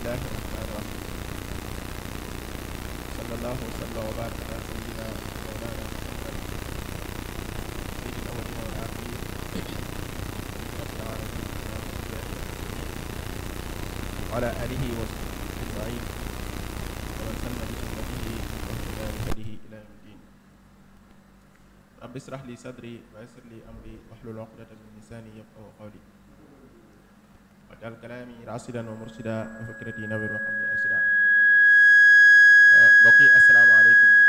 bismillahi rahmaani rahim sallallahu wa sallam wa baraka ala sayyidina mawlana muhammad sayyidil awwalina wal axirin rabbil alamin wa ala alihi wa sahbihi ajmain wa man sanna bi sunnatihi wa ihtada bi hadihi ila yawmi ddin rabbi israh li sadri wa yassir li amri wahlul uqdatan min lisani yafqahu qawli اجعل كلامي راشدا ومرشدا وفكرتي نور وقلبي ارشدا بقي السلام عليكم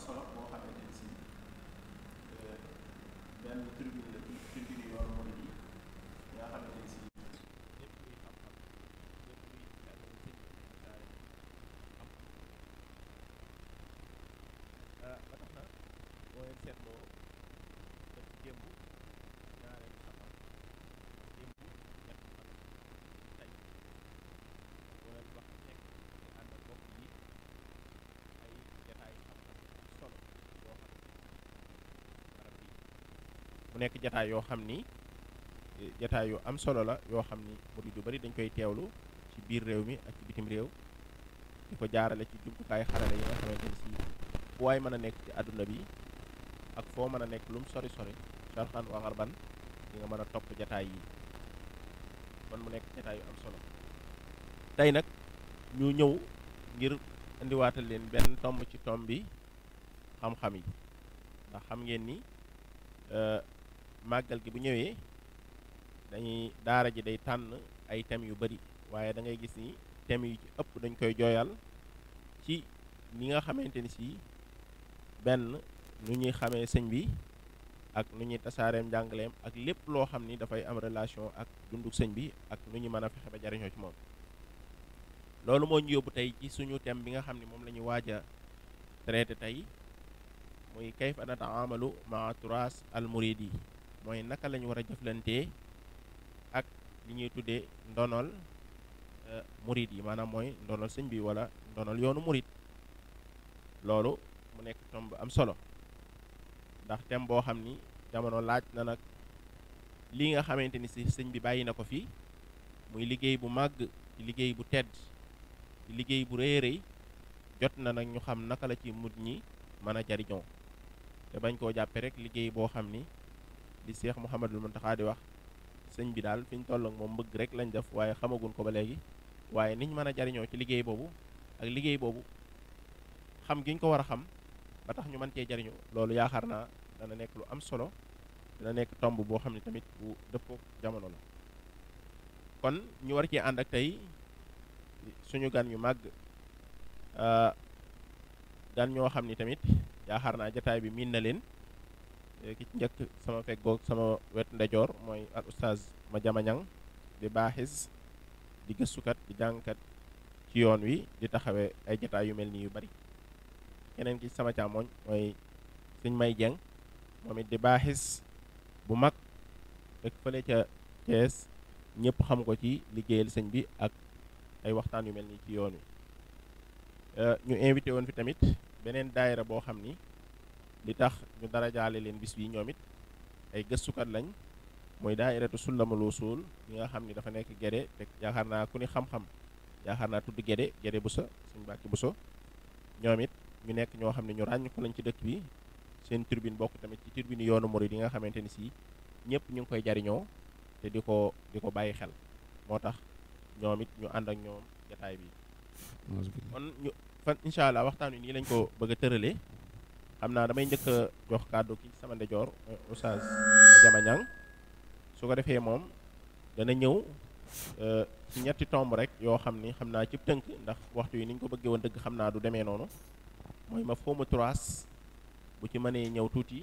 solo boo xamante ni si eh, benn tribune la ci tribune yoon mooy yi nga xamante ni si ah, ba tax na boo leen seetloo def démb nekk jataay yoo xam ni jataay yu am solo la yoo xam ni murid yu bari dañ koy teewlu ci biir réew mi ak bitim réew ko jaarale ci jumtukaay ni mën a nekk ci àdduna bi ak foo mën a nekk lu mu sori sori sarxan wa xarban di mën a topp jataay yi kon mu nekk jataay yu am solo tey nag ñu ñëw ngir indiwaatal leen benn tomb ci tomb bi xam-xam yi ndax xam ngeen ni euh, màggal gi bu ñëwee dañuy daara ji day tànn ay thèmes yu bari waaye da ngay gis ni thèmes yu ci ëpp dañ koy jooyal ci ni nga xamante ni si benn nu ñuy xamee sëñ bi ak nu ñuy tasaareem njàngaleem ak lépp loo xam ni dafay am relation ak dunduk sëñ bi ak nu ñuy mën a fexe ba jariñoo ci moom loolu moo ñu yóbbu tey ci suñu thème bi nga xam ni moom lañuy ñu waaj a traité tey muy kayfa nataamalu maa turas al muridi mooy naka lañu ñu war a jëflantee ak li ñuy tuddee ndonol euh, murid yi maanaam mooy ndonol sëñ bi wala ndonol yoonu murid loolu mu nekk tomb bu am solo ndax thème boo xam ni jamono laaj na nag lii nga xamante ni si sëñ bi bàyyi na ko fii muy liggéey bu màgg di liggéey bu tedd di liggéey bu rëy rëy jot na nag ñu xam naka la ci mut ñi mën a jariñoo te bañ koo jàppee rek liggéey boo xam ni li seex Muhammadul Muntaxa di wax sëñ bi daal fi ñu toll moom mbëgg rek lañ def waaye xamagun ko ba léegi waaye niñ mën a jariñoo ci liggéey boobu ak liggéey boobu xam giñ ko war a xam ba tax ñu mën cee jariñu loolu yaakaar naa dana nekk lu am solo dana nekk tomb boo xam ne tamit bu dëppoo jamono la kon ñu war cee ànd ak tey suñu gan yu màgg ah, gan ñoo xam ni tamit yaakaar naa jataay bi miin na leen Eh, ki ci njëkk sama feggoo sama wet ndejoor mooy al oustaz ma jamañang di baaxis di gëstukat di jàngkat ci yoon wi di taxawee ay jataay yu mel nii yu bari keneen ki sama càmmoñ mooy sëñ may jeng moom it di baaxis bu mag dëkk fële ca Thiès ñëpp xam ko ci liggéeyal sëñ bi ak ay waxtaan yu mel nii ci yoon wi eh, ñu invité woon fi tamit beneen daayira boo xam ni li tax ñu darajaale leen bis bii ñoom it ay gëstukat lañ mooy daairatu sullamal usul ñi nga xam ni dafa nekk Guédé te yaakaar naa ku ni xam-xam yaakaar naa tudd bu sa suñ suñu bu Bousso ñoom it ñu nekk ñoo xam ne ñu ràññ ko lañ ci dëkk bi seen turbine bokk tamit ci turbine yoonu murid yi nga xamante ni si ñëpp ñu ngi koy jariñoo te di ko di ko bàyyi xel moo tax ñoom it ñu ànd ak ñoom jataay bi kon fan incha allah waxtaan wi nii lañ ko bëgg a tëralee xam naa damay njëkk jox kàddu ki sama ndejoor euh, oustaz Madiama Niang su ko defee moom dana ñëw euh, ci ñetti tomb rek yoo xam ni xam naa cib tënk ndax waxtu yi ni ko bëggee woon dëgg xam naa du demee noonu mooy ma foomu trois bu ci mënee ñëw tuuti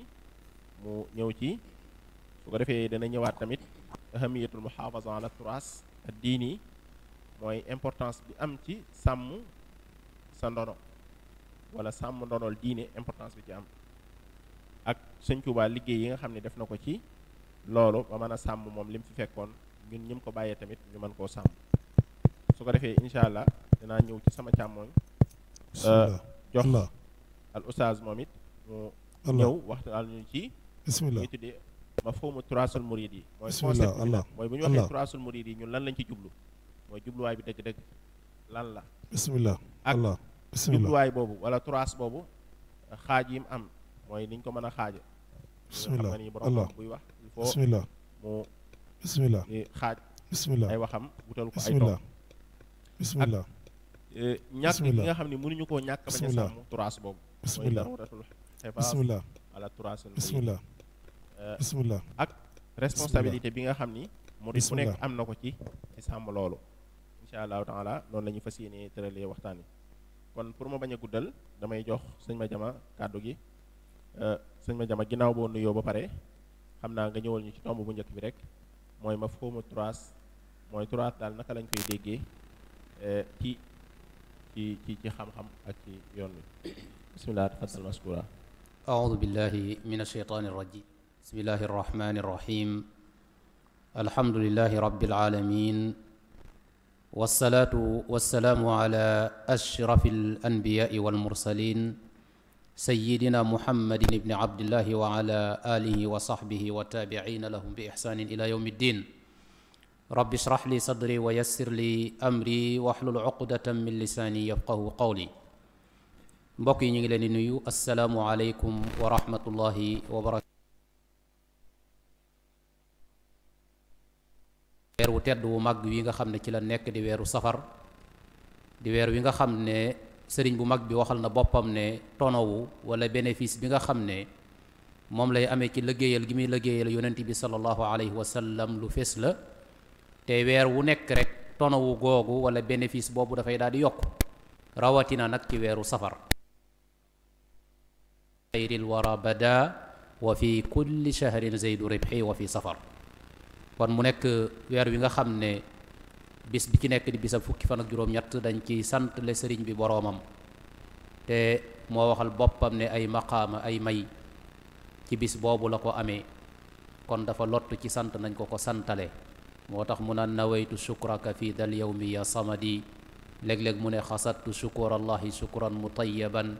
mu ñëw ci su ko defee dana ñëwaat tamit ahamiyatul muhafaza la turas ad diini mooy importance bi am ci sàmm sa ndono wala sàmm ndonol diine importance bi ci am ak sëñ Tuubaa liggéey yi nga xam ne def na ko ci loolu ba mën a sàmm moom lim mu fi fekkoon ñun ñim ko bàyyee tamit ñu mën koo sàmm su ko defee incha allah dinaa ñëw ci sama càmmooñ euh, jox al oustaz moom it mu ñëw waxtaan ñu ci bismillah ñu tuddee ma foomu turaasul murid yi mooy concept mooy bu ñu waxee turaasul murid yi ñun lan lañ ci jublu mooy jubluwaay bi dëgg-dëgg lan la bismillah ak bisimilah jubluwaay boobu wala turaas boobu eh, xaaj yi mu am mooy niñ ko mën a xaaja bisimilah xam nga buy wax il faut mu xaaj bisimilah ay waxam wutal ko ay doom bisimilah eh, ñàkk gi nga xam ne mënuñu koo ñàkk bañ a sàmm turaas boobu bisimilah bisimilah wala turaasul bisimilah eh, bisimilah ak responsabilité bi nga xam ni mu di ku nekk am na ko ci ci sàmm loolu incha allahu taala noonu la ñu fas yéenee tëralee waxtaan yi kon pour ma bañ a guddal damay jox sëñ ma jama kàddu gi euh, sëñ ma jama ginnaaw boo nuyoo ba pare xam naa nga ñëwal ñu ci tomb bu njëkk bi rek mooy mafhumu turaas mooy turaas daal naka lañ koy déggee euh, ci ci ci ci xam-xam ak ci yoon bi bismillah tafaddal maskura aoudu billahi min asheytaani irrajim bismillahi والصلاة والسلام على أشرف الأنبياء والمرسلين سيدنا محمد بن عبد الله وعلى آله وصحبه والتابعين لهم بإحسان إلى يوم الدين رب اشرح لي صدري ويسر لي أمري واحلل عقدة من لساني يفقه قولي mbokk yi ñu ngi leen di nuyu asalaamualeykum wa rahmatullahi wa barakatu weer wu tedd wu mag wi nga xam ne ci la nekk di weeru safar di weer wi nga xam ne sëriñ bu mag bi waxal na boppam ne tonowu wala bénéfice bi nga xam ne moom lay ame ci liggéeyal gi muy liggéeyal yonent bi sallallahu alayhi wa sallam lu fees la te weer wu nekk rek tonowu googu wala bénéfice boobu dafay daal di yokk rawatina nag ci weeru safar xayril wara bada wa fi kulli shahrin zaydu safar kon mu nekk weer wi nga xam ne bis bi ci nekk di bisab fukki fan ak juróom-ñett dañ ciy sant le sëriñ bi boroomam te moo waxal boppam ne ay maqaama ay may ci bis boobu la ko amee kon dafa lott ci sant nañ ko ko santale moo tax mu naan nawetu shukraka fi dal yawmi ya samadi léeg-léeg mu ne xasattu shukurallahi shukran mutayyaban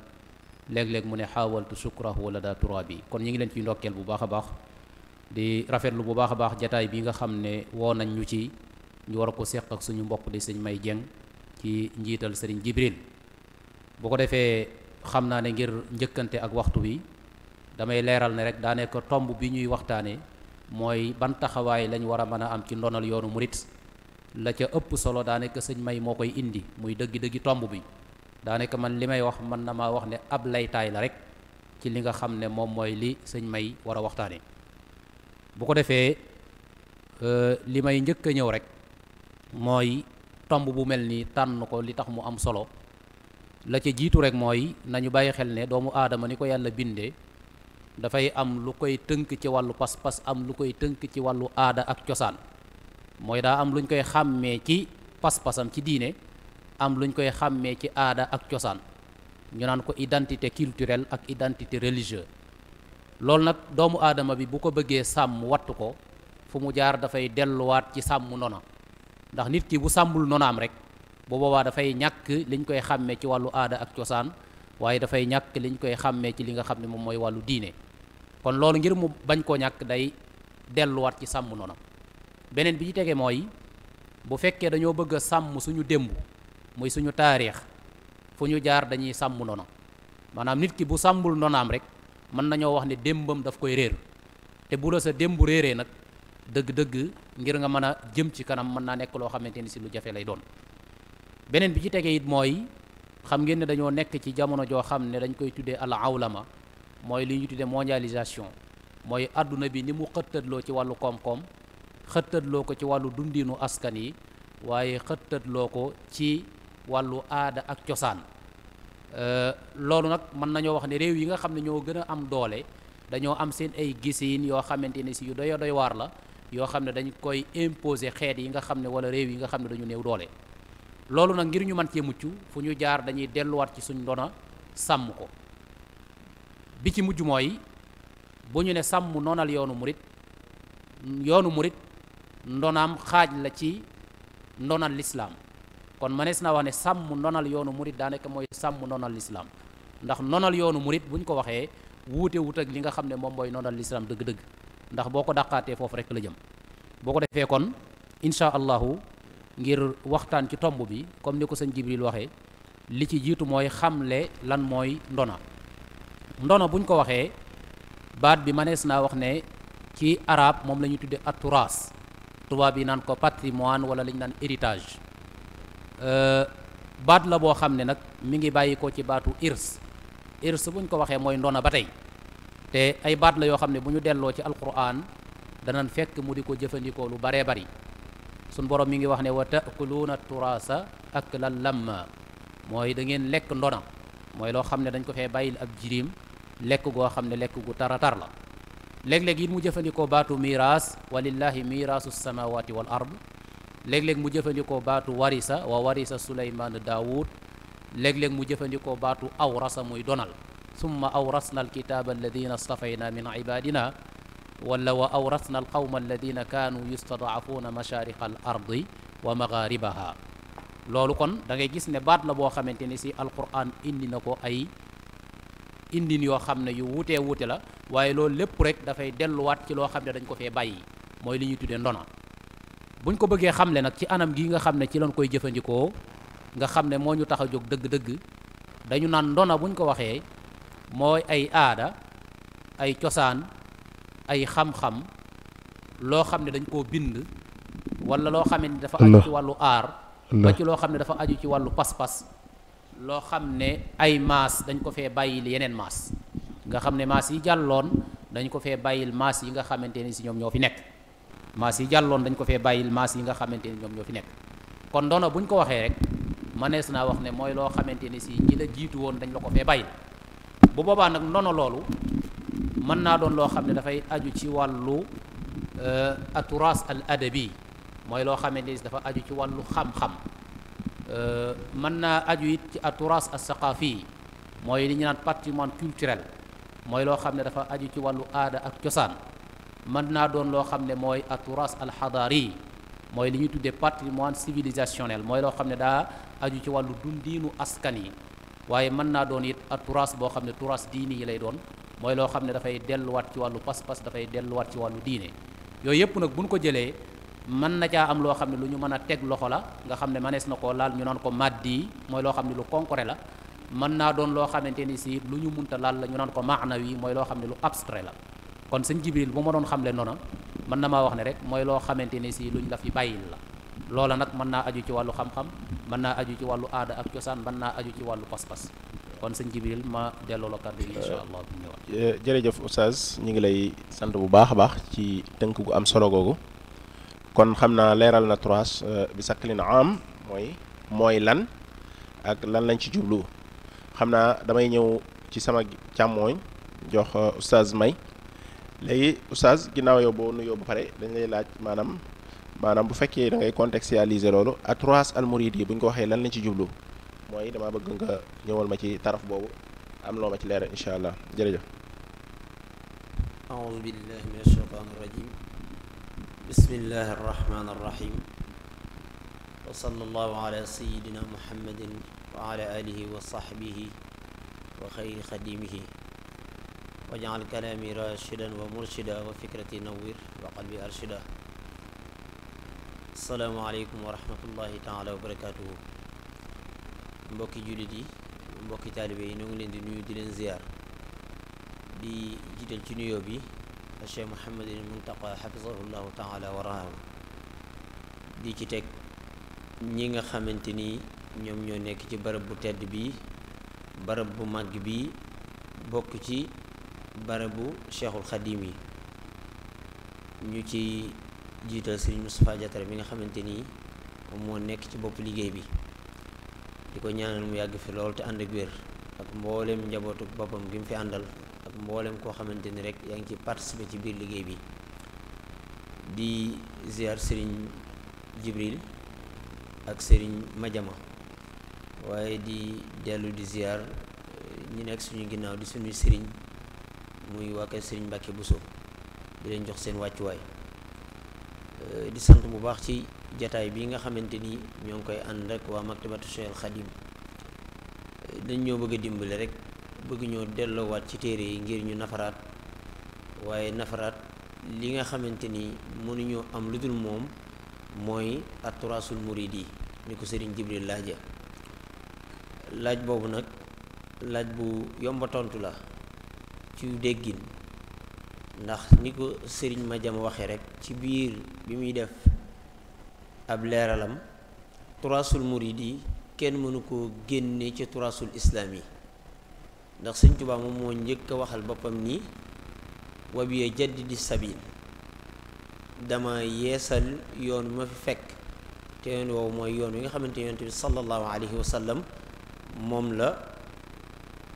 léeg-léeg mu ne xaawaltu shukrahu wala daa bi kon ñu ngi leen ciy ndokkeel bu baax a baax di rafetlu bu baax a baax jataay bi nga xam ne woo nañ ñu ci ñu war a ko seq ak suñu mbokk di sëñ May Jeng ci njiital sëriñ Jibril boo ko defee xam naa ne ngir njëkkante ak waxtu wi damay leeral ne rek daa nekk tomb bi ñuy waxtaanee mooy ban taxawaay lañ war a mën a am ci ndonal yoonu murit la ca ëpp solo daa nekk sëñ May moo koy indi muy dëggi-dëggi tomb bi daa nekk man li may wax mën na ma wax ne ab laytaay la rek ci li nga xam ne moom mooy li sëñ May war a waxtaanee. bu ko defee euh, li may njëkk a ñëw rek mooy tomb bu mel ni tànn ko li tax mu am solo la ci jiitu rek mooy nañu bàyyi xel ne doomu aadama ni ko yàlla bindee dafay am lu koy tënk ci wàllu pas-pas am lu koy tënk ci wàllu aada ak cosaan mooy daa am luñ koy xàmmee ci pas-pasam ci diine am luñ koy xàmmee ci aada ak cosaan ñu naan ko identité culturelle ak identité religieuse loolu nag doomu aadama bi bu ko bëggee sàmm wattu ko fu mu jaar dafay delluwaat ci sàmm nona ndax nit ki bu sàmmul nonaam rek bu boobaa dafay ñàkk liñ koy xàmmee ci wàllu aada ak cosaan waaye dafay ñàkk liñ koy xàmmee ci li nga xam ne moom mooy wàllu diine kon loolu ngir mu bañ koo ñàkk day delluwaat ci sàmm nona beneen bi ci tege mooy bu fekkee dañoo bëgg a sàmm suñu démb muy suñu taarix fu ñu jaar dañuy sàmm nona maanaam nit ki bu sàmmul nonaam rek mën nañoo wax ne démbam daf koy réer te bu sa démb réeree nag dëgg-dëgg ngir nga mën a jëm ci kanam mën naa nekk loo xamante ni si lu jafe lay doon beneen bi ci tegee it mooy xam ngeen ne dañoo nekk ci jamono joo xam ne dañ koy tuddee awla ma mooy li ñu tuddee mondialisation mooy àdduna bi ni mu xëttatloo ci wàllu koom-koom xëttatloo ko ci wàllu dundinu askan yi waaye xëttatloo ko ci wàllu aada ak cosaan Euh, loolu nag mën nañoo wax ne réew yi nga xam ne ñoo gën a am doole dañoo am seen ay gisiin yoo xamante ne si yu doy doy waar la yoo xam ne dañ koy imposer xeet yi nga xam ne wala réew yi nga xam ne dañu néew doole loolu nag ngir ñu mën cee mucc fu ñu jaar dañuy delluwaat ci suñ ndona sàmm ko bi ci mujj mooy bu ñu ne sàmm noonal yoonu murit yoonu murit ndonaam xaaj la ci ndonal lislaam kon mënees naa wax ne sàmm nonal yoonu murit daanaka mooy sàmm nonal lislaam ndax nonal yoonu murit bu ñu ko waxee wuute wut ak li nga xam ne moom mooy nonal lislaam dëgg-dëgg ndax boo ko dàqaatee foofu rek la jëm boo ko defee kon incha allahu ngir waxtaan ci tomb bi comme ni ko sëñ Jibril waxe li ci jiitu mooy xamle lan mooy ndona ndona buñ ko waxee baat bi mënees naa wax ne ci arab moom la ñuy tudde aturaas tubaab yi naan ko patrimoine wala li naan héritage Euh, baat la boo xam ne nag mu ngi bàyyi ko ci baatu irs irs buñ ko waxee mooy ndona ba tey te ay baat la yoo xam ne bu ñu delloo ci alquran danañ fekk mu di ko jëfandikoo lu baree bari suñ borom mi ngi wax ne wa taakuluuna turaasa ak la lamma mooy da ngeen lekk ndona mooy loo xam ne dañ ko fee bàyyil ab jirim lekk goo xam ne lekk gu taratar la léeg-léeg it mu jëfandikoo baatu miiraas walillahi miiraasu samawati wal ard léeg-léeg mu jëfandikoo baatu warisa wa warisa suleymaan daawud léeg-léeg mu jëfandikoo baatu aw rasa muy donal summa awrasna alkitaaba alladina astafayna min ibadina wala wa awrasna alqawma alladina kaanu yustadaafuuna mashaariqa al ardi wa magharibaha loolu kon da gis ne baat la boo xamante ni si alquran indi na ko ay indin yoo xam ne yu wuutee wute la waaye loolu lépp rek dafay delluwaat ci loo xam ne dañ ko fee bàyyi mooy li ñuy tuddee ndona buñ ko bëggee xam xamle nag ci anam gi nga xam ne ci lañ koy jëfandikoo nga xam ne moo ñu tax a jóg dëgg-dëgg dañu naan ndona buñ ko waxee mooy ay aada ay cosaan ay xam-xam loo xam ne dañ koo bind wala loo xam ne dafa aju ci wàllu aar ba ci loo xam ne dafa aju ci wàllu pas-pas loo xam ne ay maas dañ ko fee bàyyil yeneen maas nga xam ne maas yi jàlloon dañ ko fee bàyyil maas yi nga xamante ni si ñoom ñoo fi nekk maas yi jàlloon dañ ko fee bàyyil maas yi nga xamante ni ñoom ñoo fi nekk kon ndono buñ ko waxee rek mënees naa wax ne mooy loo xamante ni si ñi la jiitu woon dañ la ko fee bàyyil bu boobaa nag ndono loolu mën naa doon loo xam ne dafay aju ci wàllu euh, aturaas al adabi mooy loo xamante dafa aju ci wàllu xam-xam euh, mën naa aju it ci aturaas al saqaafi mooy li ñu naan patrimoine culturel mooy loo xam ne dafa aju ci wàllu aada ak cosaan mën naa doon loo xam ne mooy aturas alxadaari mooy li ñuy tuddee patrimoine civilisationnel mooy loo xam ne daa aju ci wàllu dundiinu askan yi waaye mën naa doon it aturas boo xam ne turas diini yi lay doon mooy loo xam ne dafay delluwaat ci wàllu pas-pas dafay delluwaat ci wàllu diine yooyu yëpp nag bu ñu ko jëlee mën na caa am loo xam ne lu ñu mën a teg loxo la nga xam ne mënees na koo laal ñu naan ko maddi mooy loo xam ne lu concret la mën naa doon loo xamante ni si lu ñu munta laal la ñu naan ko maanawi mooy loo xam ne lu abstrait la kon sëñ Jibril bu ma doon xamle noona mën na maa wax ne rek mooy loo xamante ne si luñ la fi bàyyil la loola nag mën naa aju ci wàllu xam-xam mën naa aju ci wàllu aada ak cosaan mën naa aju ci wàllu pas-pas kon sëñ Jibril ma delloo la kàddu yi incha euh, allah bu ñëwaat euh, jërëjëf oustaz ñu ngi lay sant bu baax a baax ci tënk gu am solo googu kon xam naa leeral na trois euh, bi na am mooy mooy lan ak lan lañ ci jublu xam naa damay ñëw ci sama càmmooñ jox oustaz May léegi oustaz ginnaaw yow boo nuyoo ba pare dañ lay laaj maanaam maanaam bu fekkee da ngay contextualiser loolu ak trois almurid yi bu ñu ko waxee lan lañ ci jublu mooy damaa bëgg nga ñëwal ma ci taraf boobu am loo ma ci leeral incha allah jërëjëf aoudu billahi min ashaytaan irrajim bismillahi arrahmani irrahim wa sallallahu wajal kalaami rashidan wa murshida wa fikrati nawwir wa qalbi arshida asalaamaaleykum wa rahmatullahi taala wa barakaatuhu mbokki jullit yi mbokki taalibe yi ñoo ngi leen di nuyu di leen ziyaar di jiital ci nuyo bi Cheikh Mouhamadul Muntaqa xafisahullahu taala wa raham di ci teg ñi nga xamante ni ñoom ñoo nekk ci barab bu tedd bi barab bu màgg bi bokk ci barabu cheikhul xadim yi ñu ci jiital sëriñ Moustapha Diatara mi nga xamante moom moo nekk ci bopp liggéey bi di ko ñaanal mu yàgg fi lool te ànd ak wér ak mbooleem njabootu boppam gi mu fi àndal ak mbooleem koo xamante ni rek yaa ngi ci participé ci biir liggéey bi di ziar sëriñ Jibril ak sëriñ Majama waaye di dellu di ziar ñi nekk suñu ginnaaw di suñuy sëriñ muy waa kër Serigne Mbacke Bousso di leen jox seen wàccuwaay euh, di sant bu baax ci jataay bi nga xamante ni ñoo ngi koy ànd ak waa Maktabatu Cheikh Khadim euh, dañ ñoo bëgg a dimbali rek bëgguñoo ñoo delloowaat ci téere yi ngir ñu nafaraat waaye nafaraat li nga xamante ni mënuñoo am lu dul moom mooy at aturasul muridi ni ko Serigne Jibril laaja laaj boobu nag laaj bu yomba tontu la ci déggin ndax ni ko sëriñ ma jam waxe rek ci biir bi muy def ab leeralam turasul murid yi kenn mënu ko génne ci turasul islaam yi ndax sëñ Tuubaa moo njëkk a waxal boppam ni wabiye di sabil dama yeesal yoon wi ma fi fekk te yoon woowu mooy yoon wi nga xamante yonent bi sallallahu alayhi wa moom la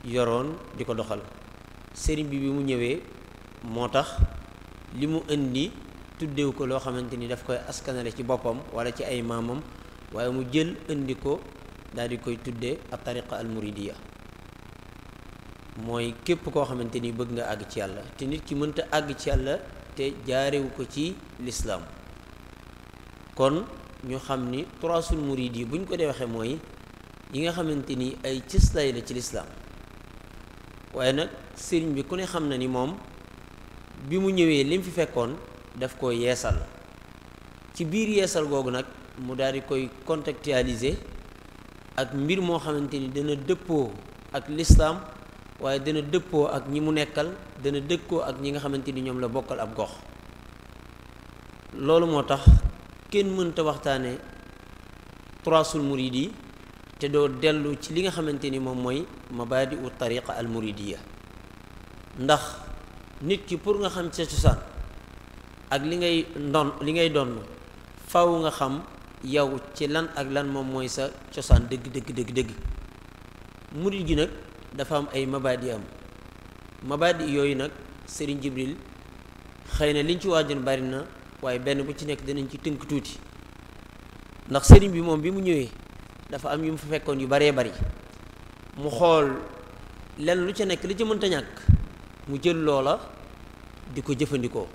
yoroon di ko doxal sëriñ bi bi mu ñëwee moo tax li mu indi tuddewu ko loo xamante ni daf koy askanale ci boppam wala ci ay maamam waaye mu jël indi ko dal di koy tuddee ak tariqa al muridiya mooy képp koo xamante ni bëgg nga àgg ci yàlla te nit ki mënta àgg ci yàlla te jaarewu ko ci lislaam kon ñu xam ni turasul murid yi bu ñu ko dee waxee mooy yi nga xamante ni ay cëstay la ci lislaam waaye nag sëriñ bi ku ne xam na ni moom bi mu ñëwee lim fi fekkoon daf koo yeesal ci biir yeesal googu nag mu daal di koy contextualiser ak mbir moo xamante ni dana dëppoo ak lislaam waaye dana dëppoo ak ñi mu nekkal dana dëkkoo ak ñi nga xamante ni ñoom la bokkal ab gox loolu moo tax kenn mënta waxtaane Turasul Muridi te doo dellu ci li nga xamante ni moom mooy mabaadi u tariqa al muridiya ndax nit ki pour nga xam sa cosaan ak li ngay ndon li ngay donn faw nga xam yow ci lan ak lan moom mooy sa cosaan dëgg dëgg dëgg dëgg murid gi nag dafa am ay mabaadi am mabaadi yooyu nag sëriñ Jibril xëy na liñ ci waajoon bari na waaye benn bu ci nekk dinañ ci tënk tuuti ndax sëriñ bi moom bi mu ñëwee dafa am yu mu fa fekkoon yu baree bari mu xool lenn lu ca nekk li ca mënta ñàkk mu jël loola di ko jëfandikoo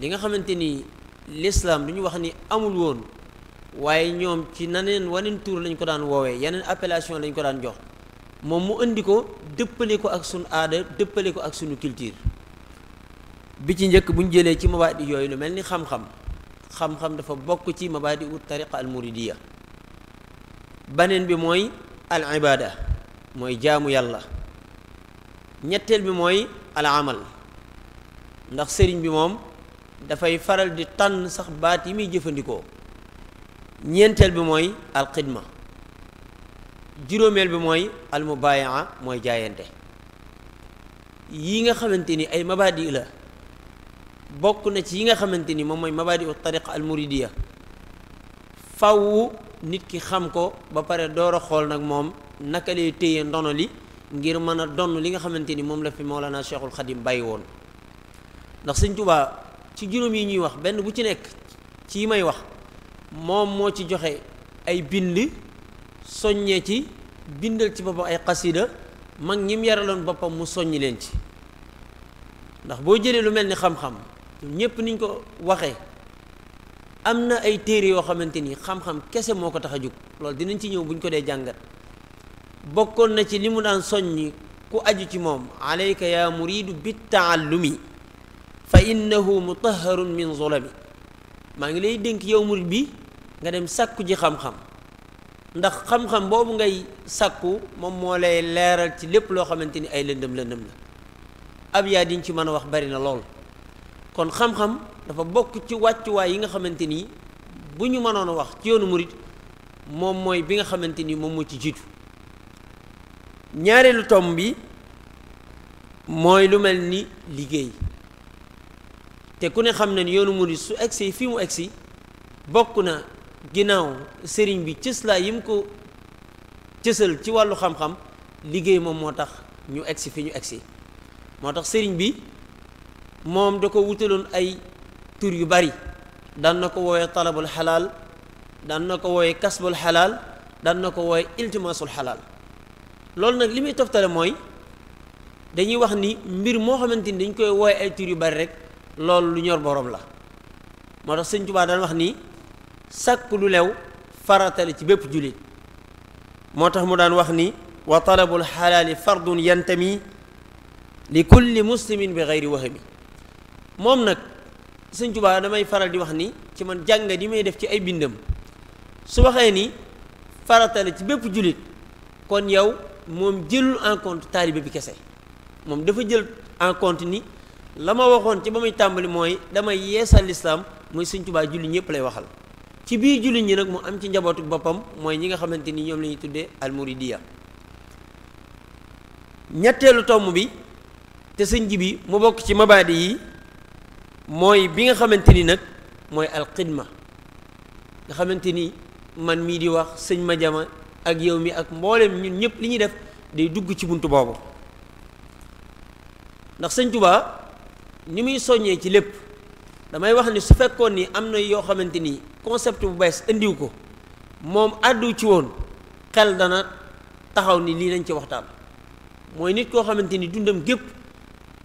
li nga xamante ni lislaam du ñu wax ni amul woon waaye ñoom ci naneen waneen tuur lañ ko daan woowee yeneen appellation lañ ko daan jox moom mu indi ko dëppale ko ak sunu aada dëppale ko ak sunu culture bi ci njëkk bu ñu jëlee ci mabaadi yooyu lu mel ni xam-xam xam-xam dafa bokk ci mabaadi u tariqa al muridiya baneen bi mooy al ibada mooy jaamu yàlla ñetteel bi mooy al ndax sëriñ bi moom dafay faral di tànn sax baat yi muy jëfandikoo ñeenteel bi mooy al xidma juróomeel bi mooy al mooy jaayante yi nga xamante ni ay mabaadi la bokk na ci yi nga xamante ni moom mooy mabaadi u tariqa al muridiya nit ki xam ko ba pare door a xool nag moom naka lay téye ndono li ngir mën a donn li nga xamante ni moom la fi moo Mawlana Cheikhul Khadim bàyyi woon ndax sëñ Tuubaa ci juróom yi ñuy wax benn bu ci nekk ci yi may wax moom moo ci joxe ay bind soññee ci bindal ci boppam ay xasida mag ñi mu yaraloon boppam mu soññ leen ci ndax boo jëlee lu mel ni xam-xam ñépp niñ ko waxee am na ay téere yoo xamante ni xam-xam kese moo ko tax a jóg loolu dinañ ci ñëw buñ ko dee jàngat bokkoon na ci li mu daan soññi ku aju ci moom alayka yaa muriidu bittaallumi fa innahu mutaharun min zulami maa ngi lay dénk yow murid bi nga dem sàkku ji xam ndax xam boobu ngay sàkku moom moo lay leeral ci lépp loo xamante ni ay lëndëm lëndëm la ab yaa diñ ci mën a wax bari na lool kon xam dafa bokk ci wàccuwaay yi nga xamante ni bu ñu mënoon a wax yoonu murid mooy bi nga xamante ni moom moo ci jiitu ñaareelu tom bi mooy lu mel ni liggéey te ku ne xam na ni yoonu murid su egsi fii mu egsi bokk na ginnaaw sëriñ bi cëslaa yi mu ko cësal ci wàllu xam-xam liggéey moom moo tax ñu egsi fi ñu egsi moo tax sëriñ bi moom da ko wutaloon ay tur yu bari daan na ko wooye talabul xalaal daan na ko wooye kasbul xalaal daan na ko wooye iltimaasul xalaal loolu nag li muy toftale mooy dañuy wax ni mbir moo xamante ni dañ koy wooye ay tur yu bari rek loolu lu ñor boroom la moo tax sëñ Tuubaa wax ni sàkku lu lew faratale ci bépp jullit moo tax mu daan wax ni wa talabul xalaali fardun yantami li kulli muslimin bi xeyri wahami moom nag sëñ Tuubaa damay faral di wax ni ci man jàngat yi may def ci ay bindam su waxee ni faratale ci bépp jullit kon yow moom jëlul en compte taalibe bi kese moom dafa jël en ni la ma waxoon ci ba muy tàmbali mooy damay yeesal lislaam mooy sëñ Tuubaa julli ñëpp lay waxal ci biir julli ñi nag mu am ci njabootu boppam mooy ñi nga xamante ni ñoom la ñuy tuddee almuridiya ñetteelu tomb bi te sëñ ji bi mu bokk ci mabaadi yi mooy bi nga xamante ni nag mooy alxidma nga xamante ni man mii di wax sëñ ma jama ak yow mi ak mboolem ñun ñëpp li ñuy def day dugg ci buntu boobu ndax sëñ Tuubaa ni muy soññee ci lépp damay wax ni su fekkoon ni am na yoo xamante ni concept bu bees indiw ko moom àddu ci woon xel dana taxaw ni lii nañ ci waxtaan mooy nit koo xamante ni dundam gépp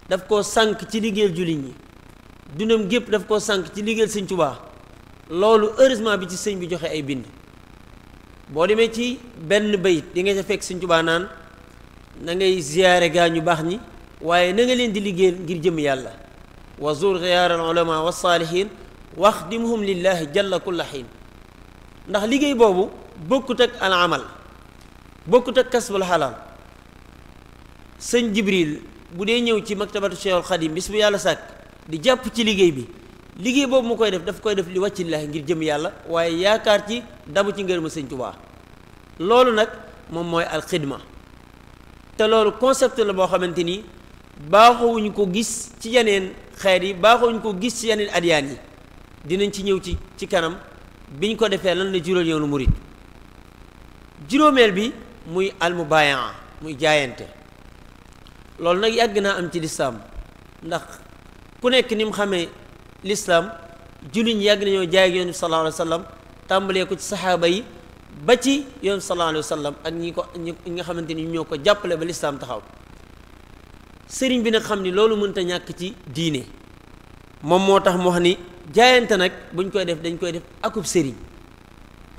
daf ko sànk ci liggéeyal jullit ñi dundam gépp daf koo sànk ci liggéeyal sëñ Tuubaa loolu heureusement bi ci sëñ bi joxe ay bind boo demee ci benn bayit di nga ca fekk Sëñ Tuubaa naan na ngay ziyaare gaa ñu baax ni waaye na leen di liggéeyal ngir jëm yàlla wa zur xiyaar al ulama wa saalihin waxdimhum lillahi jalla kulla xiin ndax liggéey boobu bokkut ak al amal bokkut ak kasbul xalaal sëñ Jibril bu dee ñëw ci maktabatu Cheikhul Xadim bis yàlla sàkk di jàpp ci liggéey bi liggéey boobu mu koy def daf koy def li wàccillaahi ngir jëm yàlla waaye yaakaar ci dabu ci ngërëmu sëñ Tuubaa loolu nag moom mooy alxidma te loolu concept la boo xamante ni baaxoowuñu ko gis ci yeneen xeet yi baaxowuñu ko gis ci yeneen adiyaan yi dinañ ci ñëw ci ci kanam biñ ko defee lan la jural yoonu murit juróomeel bi muy almubayaa muy jaayante loolu nag yàgg naa am ci lislaam ndax ku nekk ni mu xamee lislaam jullit yàgg nañoo jaay ak yoon tàmbalee ko ci saxaaba yi ba ci yoon bi sallallahu ak ñi ko ñi nga xamante ni ñoo ko jàppale ba lislaam taxaw sëriñ bi nag xam ni loolu mënta ñàkk ci diine moom moo tax mu wax ni jaayante nag buñ koy def dañ koy def akub sëriñ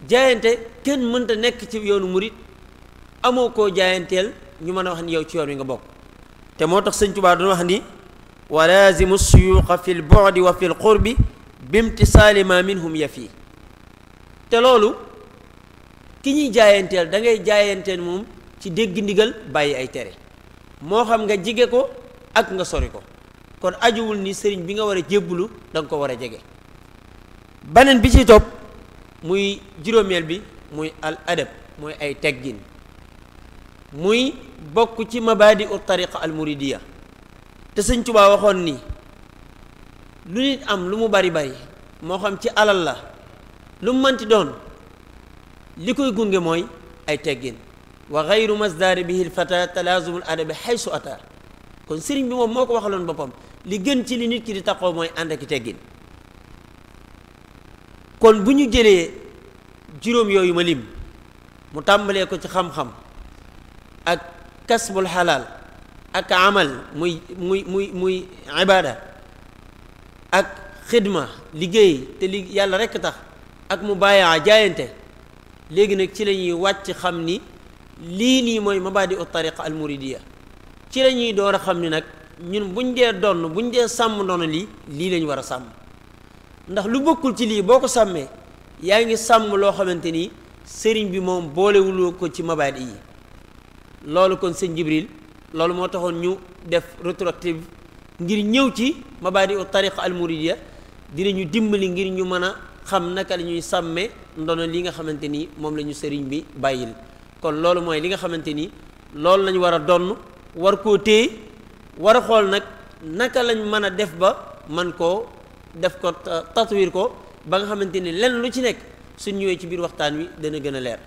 jaayante kenn mënta nekk ci yoonu murit amoo ko jaayanteel ñu mën a wax ni yow ci yoon wi nga bokk te moo tax sëñ Tuubaa doon wax ni wa laazimu suyuuqa fi l bu'di wa fi l qurbi bimtisaali ma minhum yafi te loolu ki ñuy jaayanteel dangay ngay jaayanteel moom ci dégg ndigal bàyyi ay tere moo xam nga jige ko ak nga sori ko kon ajuwul ni sëriñ bi nga war a jébbulu danga ko war a jege beneen bi ci topp muy juróomeel bi muy al adab mooy ay teggin muy bokk ci mabaadi ut tariqa al muridiya te sëñ Tuubaa waxoon ni lu nit am lu mu bari bari moo xam ci alal la lu mu manti doon li koy gunge mooy ay teggin wa xayru masdaari bihi lfata talaazumul adabi xaysu ata kon sëriñ bi moom moo ko waxaloon boppam li gën ci li nit ki di taqoo mooy ànd ak teggin kon bu ñu jëlee juróom yooyu ma lim mu tàmbalee ko ci xam-xam ak kasbul xalaal ak amal muy muy muy muy ibada ak xidma liggéey te li yàlla rekk tax ak mu bàyyaa jaayante léegi nag ci la ñuy wàcc xam ni lii nii mooy mabadi u tariqa al ci la ñuy door a xam ni nag ñun buñ dee donn buñ dee sàmm ndono lii lii lañ war a sàmm ndax lu bokkul ci lii boo ko sàmmee yaa ngi sàmm loo xamante ni sëriñ bi moom boolewuloo ko ci mabadi yi loolu kon sëñ Jibril loolu moo taxoon ñu def rétroactive ngir ñëw ci mabadi u tariqa al muridiya dinañu dimbali ngir ñu mën a xam naka la ñuy sàmmee ndono li nga xamante ni moom la ñu sëriñ bi bàyyil kon loolu mooy li nga xamante ni loolu lañu war a donn war koo téye war a xool nag naka lañ mën a def ba man koo def ko tatwir ko ba nga xamante ni lenn lu ci nekk suñ ñëwee ci biir waxtaan wi dana gën a leer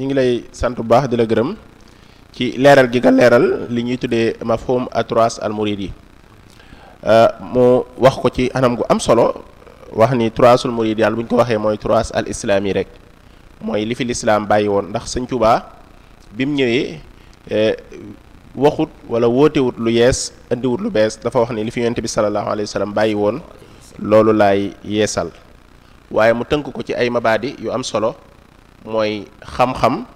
ñu ngi lay sant bu baax di la gërëm ci leeral gi nga leeral li ñuy tuddee mafhum atras al murid yi euh, mu wax ko ci anam gu am solo wax ni turasul murid yàlla bu ñu ko waxee mooy turas al islam yi rek mooy li fi lislaam bàyyi woon ndax sëñ Tuubaa bi mu ñëwee euh, waxut wala wootewut lu yees indiwut lu bees dafa wax ni li fi yonent bi sallallahu alayhi wa sallam bàyyi woon loolu laay yeesal waaye mu tënk ko ci ay mabaadi yu am solo mooy xam-xam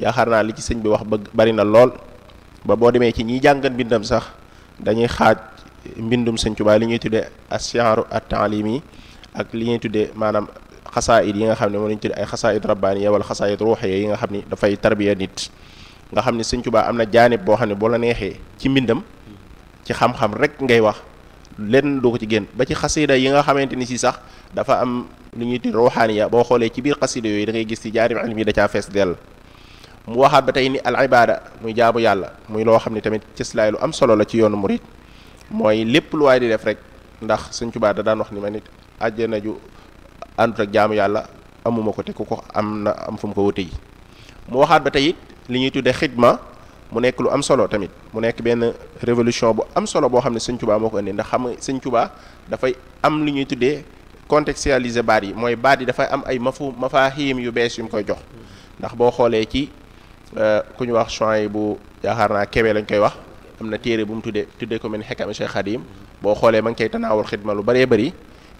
yaakaar naa li ci sëñ bi wax ba bari na lool ba boo demee ci ñiy jàngat mbindam sax dañuy xaaj mbindum sëñ Tuubaa li ñuy tuddee asciaru at-taalimi ak li ñuy tuddee maanaam xasaayit yi nga xam ne moo lañu tuddee ay xasaayit xasaa wala xasaayit ruuxiya yi nga xam ni dafay tarbiya nit nga xam ne sëñ Tuubaa am na jaanib boo xam ne boo la neexee ci mbindam ci xam-xam rek ngay wax lenn doo ko ci génn ba ci xasida yi nga xamante ni si sax dafa am lu ñuy di ruuxaaniya boo xoolee ci biir xasida yooyu dangay ngay gis ci mu ilm yi da caa fees dell mu waxaat ba tey ni al ibada muy jaamu yàlla muy loo xam ne tamit cëslaay lu am solo la ci yoonu murit mooy lépp lu waay di def rek ndax Sëñ da daan wax ni ma nit àjjana ju àndut jaamu yàlla amuma ko te ko am na am fu mu ko mu waxaat ba tey li ñuy tuddee xidma mu nekk lu am solo tamit mu nekk benn révolution bu am solo boo xam ne Sëñ Tuubaa moo ko indi ndax xam nga Sëñ dafay am lu ñuy tuddee contextualiser baat yi mooy baat yi dafay am ay mafu mafaahim yu bees yu koy jox ndax boo xoolee ci euh, ku ñu wax yi bu yaakaar naa kebe lañ koy wax am na téere bu mu tuddee tuddee ko mel ni xekkam Cheikh Xadim boo xoolee ma ngi koy tanaawul xidma lu bëree bëri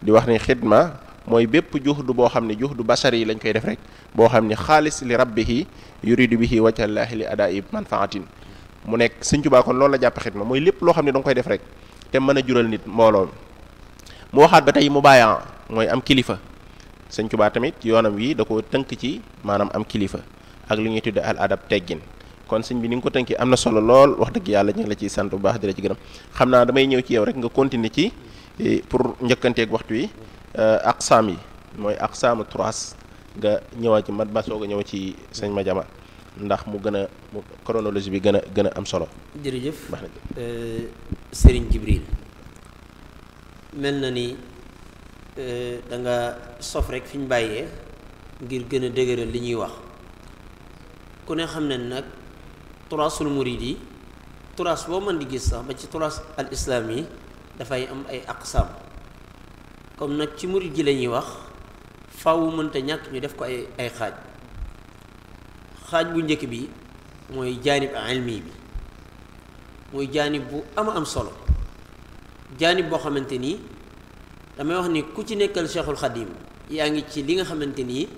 di wax ni xidma mooy bépp du boo xam ne du basari yi lañ koy def rek boo xam ne xaalis li rabbihi yuridu bihi wajhallaahi li adaa'i manfaatin mu nekk Sëñ Tuubaa kon loolu la jàpp xidma mooy lépp loo xam ne da koy def rek te mën a nit mbooloo mu waxaat ba tey mu bàyyi mooy am kilifa sëñ Tuubaa tamit yoonam wii da koo tënk ci maanaam am kilifa ak li ñuy tudde al adab teggin kon sëñ bi ni nga ko tënkee am na solo lool wax dëgg yàlla ñu la ciy sant bu baax di la ci gërëm xam naa damay ñëw ci yow rek nga continuer ci eh, pour njëkkanteek waxtu wi eh, aqsaam yi mooy ak aqsaamu trois nga ñëwaat ci mat ba soog a ci sëñ ma jama ndax mu gën a mu chronologie bi gën a gën a am solo. jërëjëf baax Euh, da nga sof rek fi ñu bàyyee ngir gën a dëgëral li ñuy wax ku ne xam ne nag turaasul murid yi turaas boo mën di gis sax ba ci turaas al islaam yi dafay am ay aqsam comme nag ci murid gi la ñuy wax faw mënta ñàkk ñu def ko ay ay xaaj xaaj bu njëkk bi mooy jaanib ilmi bi mooy jaanib bu ama am solo jaanib boo xamante nii damay wax ni ku ci nekkal Cheikhul Khadim yaa ngi ci li nga xamante ni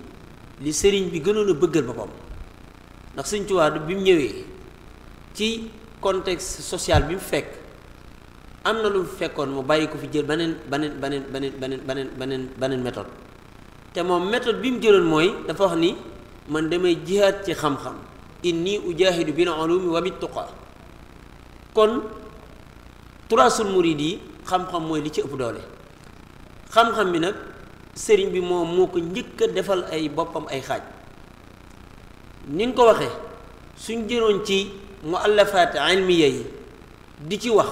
li sëriñ bi gënoon a bëggal boppam ndax Sëriñ Tuubaa bi mu ñëwee ci contexte social bi mu fekk am na lu mu fekkoon mu bàyyi ko fi jël beneen beneen beneen beneen beneen beneen beneen beneen te moom méthode bi mu jëloon mooy dafa wax ni man damay jihaad ci xam-xam inni ujaahidu bil ulumi wa bit tuqa kon turasul murid yi xam-xam mooy li ci ëpp doole xam-xam bi nag sëriñ bi moom moo ko njëkka defal ay boppam ay xaaj ni ko waxee suñ jëroon ci muallafaat ilmiya yi di ci wax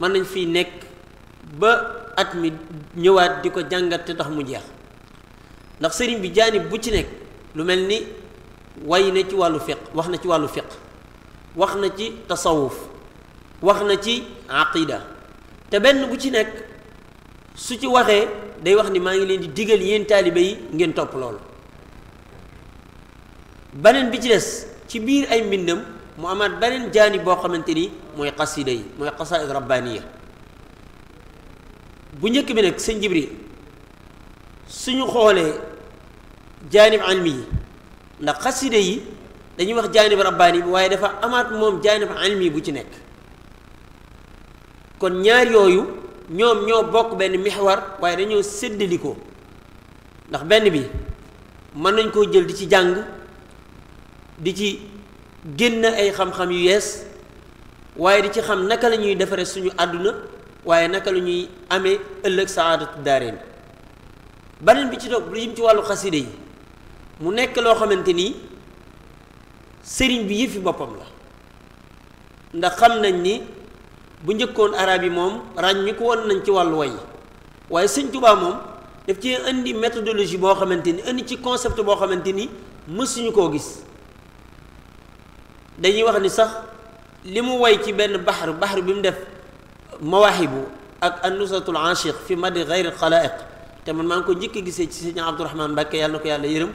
mën nañ fi nekk ba at mi ñëwaat di ko jàngat te tax mu jeex ndax sëriñ bi jaani bu ci nekk lu mel ni way na ci wàllu fiq wax na ci wàllu fiq wax na ci tasawuf wax na ci aqida te benn bu ci nekk su ci waxee day wax ni maa ngi leen di digal yéen taalibe yi ngeen topp loolu beneen bi ci des ci biir ay mbindam mu amaat beneen jaani boo xamante ni mooy xasida yi mooy xasaid rabbaniya bu njëkk bi nag sëñ Jibril suñu xoolee jaanib almi yi ndax xasida yi dañuy wax jaanib rabbaani bi waaye dafa amaat moom jaanib almi bu ci nekk kon ñaar yooyu ñoom ñoo bokk benn mixwar waaye dañoo séddalikoo ndax benn bi mën nañ koo jël di ci jàng di ci génn ay xam-xam yu yees waaye di ci xam naka lañuy ñuy defare suñu àdduna waaye naka la ñuy amee ëllëg saadatu daareen beneen bi ci toog lu jëm ci wàllu xasida yi mu nekk loo xamante nii sëriñ bi yëfi boppam la ndax xam nañ ni bu njëkkoon arab yi moom ràññiku woon nañ ci wàllu woy waaye sëñ Tuubaa moom daf ci indi méthodologie boo xamante ni indi ci concept boo xamante ni mësuñu koo gis dañuy wax ni sax li mu woy ci benn baxar baxar bi mu def mawaahibu ak annusratul anchiq fi madi gayri xalaaiq te man maa ngi ko njëkk gisee ci sëñ Abdourahman Mbàkke yàlla na ko yàlla yërëm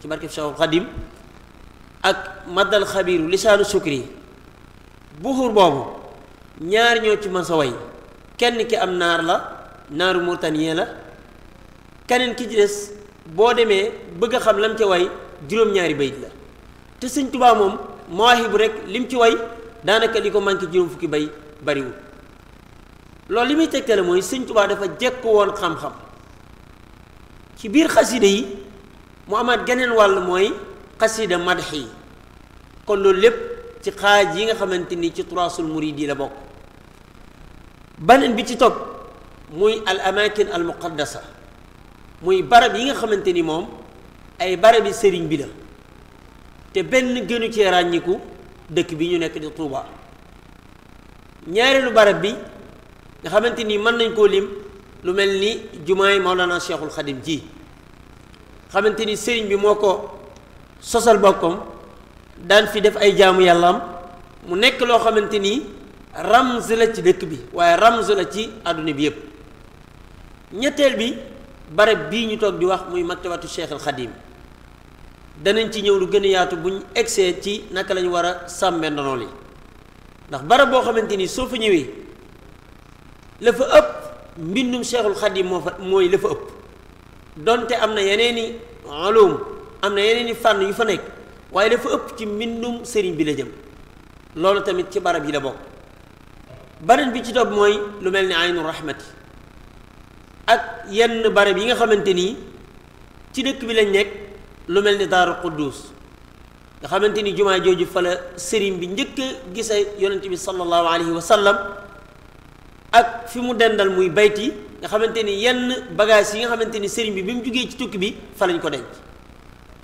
ci barkeb Cheikhul Xadim ak madal xabiiru lisaanu sukri buxur boobu ñaari ñoo ci masa way kenn ki am naar la naaru Mauritanie la keneen ki ci des boo demee bëgg a xam lam ca way juróom-ñaari bayit la te sëñ Tuubaa moom mawaahibu rek mu ci way daanaka li ko manqué juróom fukki bay bariwul loolu li muy tegtale mooy sëñ Tuubaa dafa jekk woon xam-xam ci biir xasida yi mu amaat geneen wàll mooy xasida madx yi kon loolu lépp ci xaaj yi nga xamante ni ci turaasul muriid yi la bokk baneen bi ci topp muy al amakin al muqaddasa muy barab yi nga xamante ni moom ay barabi sëriñ bi la te benn gënu cee ràññiku dëkk bi ñu nekk di Touba ñaareelu barab bi nga xamante ni mën nañ koo lim lu mel ni jumaay Maolana Cheikhul Xadim ji xamante ni sëriñ bi moo ko sosal boppam daan fi def ay jaamu yàllaam mu nekk loo xamante ni. ramz la ci dëkk bi waaye ramz la ci àdduna bi yépp ñetteel bi barab bii ñu toog di wax muy maktabatu Cheikh al danañ ci ñëw lu gën yaatu buñ egsee ci naka lañu war a sàmmee ndono li ndax barab boo xamante ni soo fa ñëwee la fa ëpp mbindum Cheikhul Xadim moo fa mooy la fa ëpp donte am na yeneeni i am na yeneen i fànn yu fa nekk waaye la fa ëpp ci mbindum sëriñ bi la jëm loolu tamit ci barab yi la bokk beneen bi ci topp mooy lu mel ni aynu rahmati ak yenn barab yi nga xamante nii ci dëkk bi lañ nekk lu mel ni daaru quddus nga xamante ni jumaa jooju fa la sëriñ bi njëkk a gisa yonent bi sallallahu alayhi wa ak fi mu dendal muy bayti nga xamante ni yenn bagage yi nga xamante ni sëriñ bi bi mu jugee ci tukki bi falañ ko denc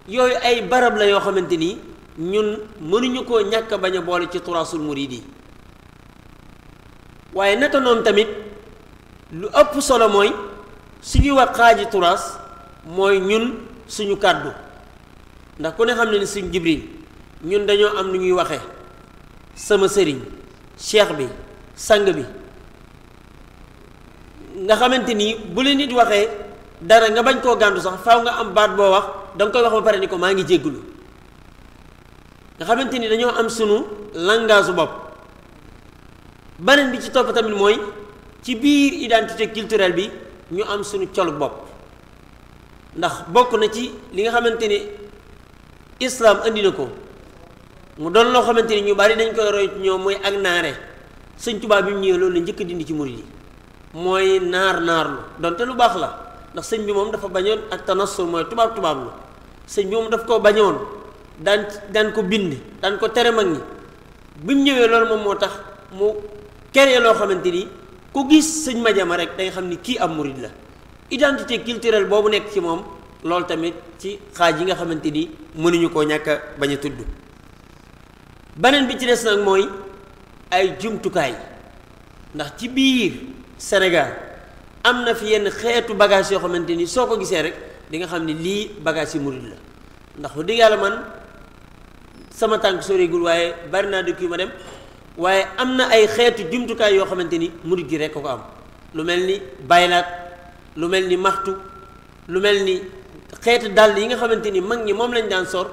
yooyu ay barab la yoo xamante ni ñun mënuñu koo ñàkk bañ a boole ci turaasul muriid yi waaye naka noonu tamit lu ëpp solo mooy suñuy wax xaaji turaas mooy ñun suñu kàddu ndax ku ne xam ne ni suñ jibril ñun dañoo am lu ñuy waxe sama sëriñ cheikh bi sang bi nga xamante ni bu la nit waxee dara nga bañ koo gàntu sax faaw nga am baat boo wax danga koy wax ba pare ni ko maa ngi jéggulu nga xamante ni dañoo am sunu langage bopp beneen bi ci topp tamit mooy ci biir identité culturelle bi ñu am suñu colu bopp ndax bokk na ci li nga xamante ni islaam indi na ko mu doon loo xamante ni ñu bari dañ koy roy ñoom mooy ak naare sëñ Tuubaa bi ñëwee loolu la njëkk dindi ci murid yi mooy naar naarlu donte lu baax la ndax sëñ bi moom dafa bañoon ak tanassur mooy tubaab tubaab lu sëñ bi moom daf koo bañoon daan ko bind daan ko tere mag ñi bi mu ñëwee loolu moom moo tax mu kere loo xamante ni ku gis sëñ Madiama rek day xam ni kii am murid la identité culturelle boobu nekk ci moom loolu tamit ci xaaj yi nga xamante ni mënuñu koo ñàkk a bañ a tudd beneen bi ci des nag mooy ay jumtukaay ndax ci biir Sénégal am na fi yenn xeetu bagage yoo xamante ni soo ko gisee rek di nga xam ni lii bagage yi murid la ndax lu dëgg yàlla man sama tànk soreegul waaye bari naa dëkk yu ma dem waaye am na ay xeetu jumtukaay yoo xamante ni murid gi rekk ko am lu mel ni baylaat lu mel ni maxtu lu mel ni xeetu dàll yi nga xamante ni mag ñi moom lañ daan sor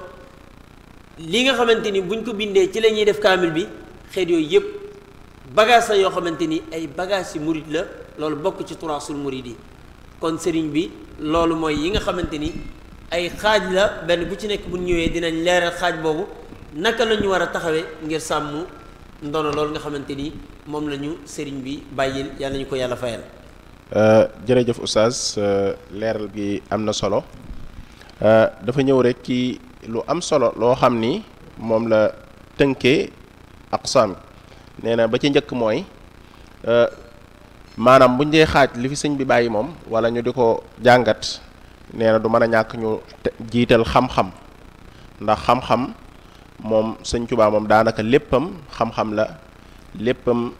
li nga xamante ni buñ ko bindee ci la ñuy def kaamil bi xeet yooyu yëpp bagage la yoo xamante ni ay bagage yi murit la loolu bokk ci turaasul murid yi kon sëriñ bi loolu mooy yi nga xamante ni ay xaaj la benn bu ci nekk bu ñëwee dinañ leeral xaaj boobu naka lañu war a taxawee ngir sàmm ndono loolu nga xamante ni moom la ñu sëriñ bi bàyyil yal nañu ko yàlla fayal. Euh, jërëjëf oustaz euh, leeral bi am na solo euh, dafa ñëw rekk ci lu am solo loo xam ni moom la tënkee aqsaam nee na ba ci njëkk mooy maanaam buñ dee xaaj li fi sëñ bi bàyyi moom wala ñu di ko jàngat nee na du mën a ñàkk ñu jiital xam-xam ndax xam-xam. moom sëñ Tuubaa moom daanaka léppam xam-xam la léppam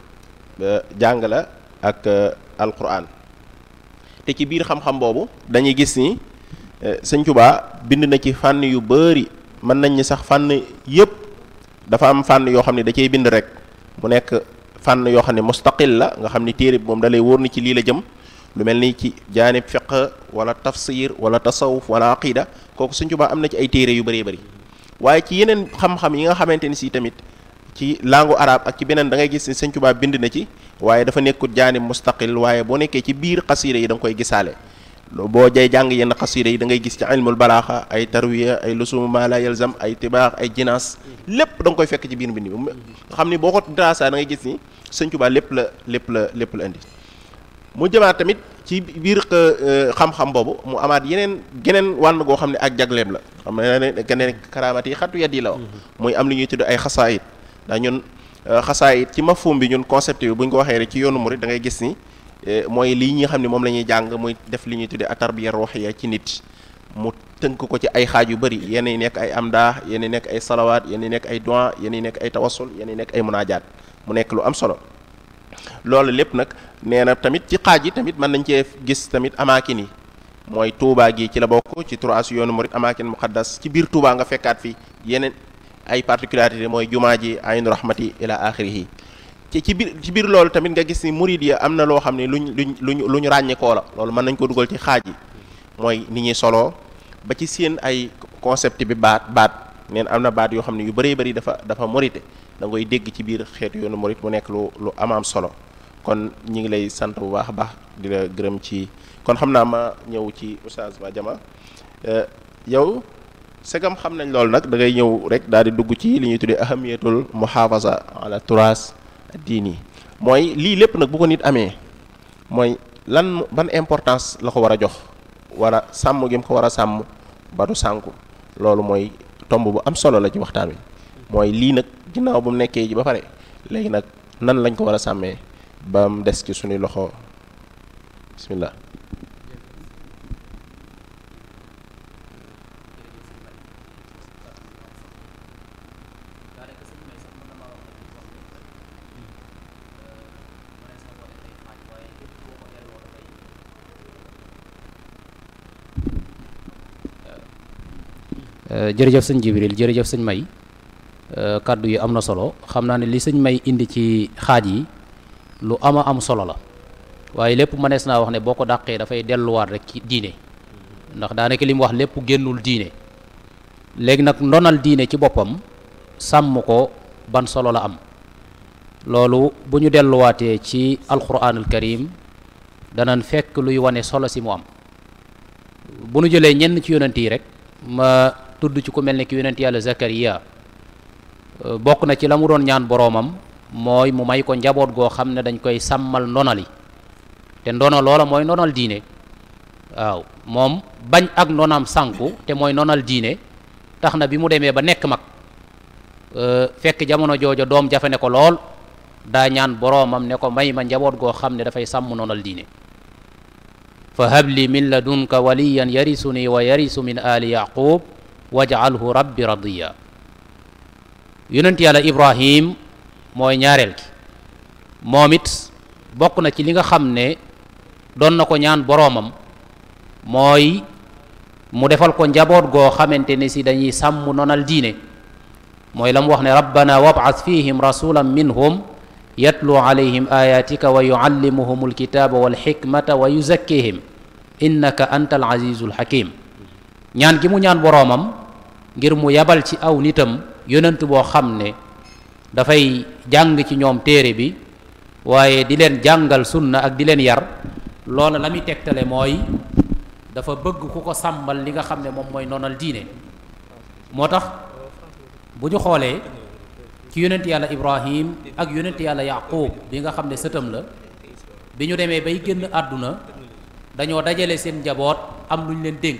euh, jàng la ak euh, alquran te ci biir xam-xam boobu dañuy gis ni euh, sëñ Tuubaa bind na ci fànn yu bari mën nañ ni sax fànn yépp dafa am fànn yoo xam ne da cay bind rek mu nekk fànn yoo xam ne mustaqil la nga xam ni téere bi moom dalay wóor ni ci lii la jëm lu mel ni ci jaanib fiq wala tafsir wala tasawuf wala aqida kooku sëñ Tuubaa am na ci ay téere yu bari bari waaye ci yeneen xam-xam yi nga xamante ni sii tamit ci langue arabe ak ci beneen da ngay gis ni Sëñ bind na ci waaye dafa nekkut jaani mustaqil waaye boo nekkee ci biir xasiida yi danga koy gisaale boo jay jàng yenn xasiida yi da ngay gis ci ilmul balaaxa ay tarwiya ay lusumu maa laa yalzam ay tibaax ay jinaas lépp danga koy fekk ci biir mbind mi xam ni boo ko drasa da ngay gis ni Sëñ lépp la lépp la lépp la indi mu jëmaat tamit ci biir euh, xam-xam boobu mu amaat yeneen geneen wànn goo xam ne ak jagleem la xam ne geneen karaamat yi xatu yat yi la wax mm-hmm. muy am li ñuy tudd ay xasaayit ndax ñun euh, xasaayit ci fom bi ñun concept bi bu ñu ko waxee rek ci yoonu murid da ngay gis ni euh, mooy lii ñi xam ne moom la ñuy jàng muy def li ñuy tuddee atarbiya ruuxiya ci nit mu tënk ko ci ay xaaj yu bëri yenn yi nekk ay am yenn yi nekk ay salawaat yenn nekk ay duwaa yenn yi nekk ay tawassul yenn yi nekk ay munaajaat mu nekk lu am solo loolu lépp nag nee na tamit ci xaaj yi tamit mën nañ cee gis tamit amaakin yi mooy Touba gi ci la bokk ci trois yoonu murid amaakin muqaddas ci biir Touba nga fekkaat fi yeneen ay particularité mooy jumaa ji aynu rahmati ila axirihi ci ci biir ci biir loolu tamit nga gis ni murid yi am na loo xam ne luñ luñ luñ lu ñu ràññekoo la loolu mën nañ ko dugal ci xaaj yi mooy ni ñi solo ba ci seen ay concept bi baat baat neen am na baat yoo xam ne yu bëree bëri dafa dafa morite da koy dégg ci biir xeetu yoonu murid mu nekk lu lu amaam solo kon ñi ngi lay sant bu baax a baax di la gërëm ci kon xam naa ma ñëw ci oustaz Badiama euh, yow segam xam nañ loolu nag da ngay ñëw rek daal di dugg ci li ñuy tuddee ahamiyatul muhafaza ala turas diini mooy lii lépp nag bu ko nit amee mooy lan ban importance la ko war a jox war a sàmm gi mu ko war a sàmm ba du sànku loolu mooy tomb bu am solo la ci waxtaan wi mooy lii nag ginnaaw bu mu nekkee ji ba pare léegi nag nan lañ ko war a sàmmee ba des ci suñu loxo bismillah euh, jërëjëf sëñ Jibril jërëjëf sëñ May euh, kàddu yi am na solo xam naa ne li sëñ May indi ci xaaj yi lu ama am solo la waaye lépp mënees naa wax ne boo ko dàqee dafay delluwaat rek ci diine ndax daanaka li mu wax lépp génnul diine léegi nag ndonal diine ci boppam sàmm ko ban solo la am loolu bu ñu delluwaatee ci alquranul karim danan fekk luy wane solo si mu am bu nu jëlee ñenn ci yonent yi rek ma tudd ci ku mel ne ki yonent yàlla Zakariya bokk na ci la mu doon ñaan boroomam mooy mu may ko njaboot goo xam ne dañ koy sàmmal ndonali te ndono loola mooy ndonal diine waaw moom bañ ak ndonaam sànku te mooy ndonal diine tax na bi mu demee ba nekk mag euh, fekk jamono joojo doom jafe ne ko lool daa ñaan boroomam ne ko may ma njaboot goo xam ne dafay sàmm noonal diine fa li min ladunka waliyan yarisu ni wa yarisu min ali yaqub waj'alhu rabbi radiya yonent yàlla ibrahim mooy ñaareel gi moom it bokk na ci li nga xam ne doon na ko ñaan boroomam mooy mu defal ko njaboot goo xamante ne si dañuy sàmm nonal diine mooy la mu wax ne rabbana wab'ath fihim rasulan minhum yatlu alayhim ayatika wa yuallimuhum alkitaba walxikmata wa yuzakkihim innaka anta al azizul hakim ñaan gi mu ñaan boroomam ngir mu yabal ci aw nitam yonent boo xam ne dafay jàng ci ñoom téere bi waaye di leen jàngal sunna ak di leen yar loola la muy tegtale mooy dafa bëgg ku ko sàmbal li nga xam ne moom mooy noonal diine moo tax bu ñu xoolee ci yonent yàlla ibrahim ak yonent yàlla yaqub bi nga xam ne sëtam la bi ñu demee bay génn àdduna dañoo dajale seen njaboot am lu ñu leen dénk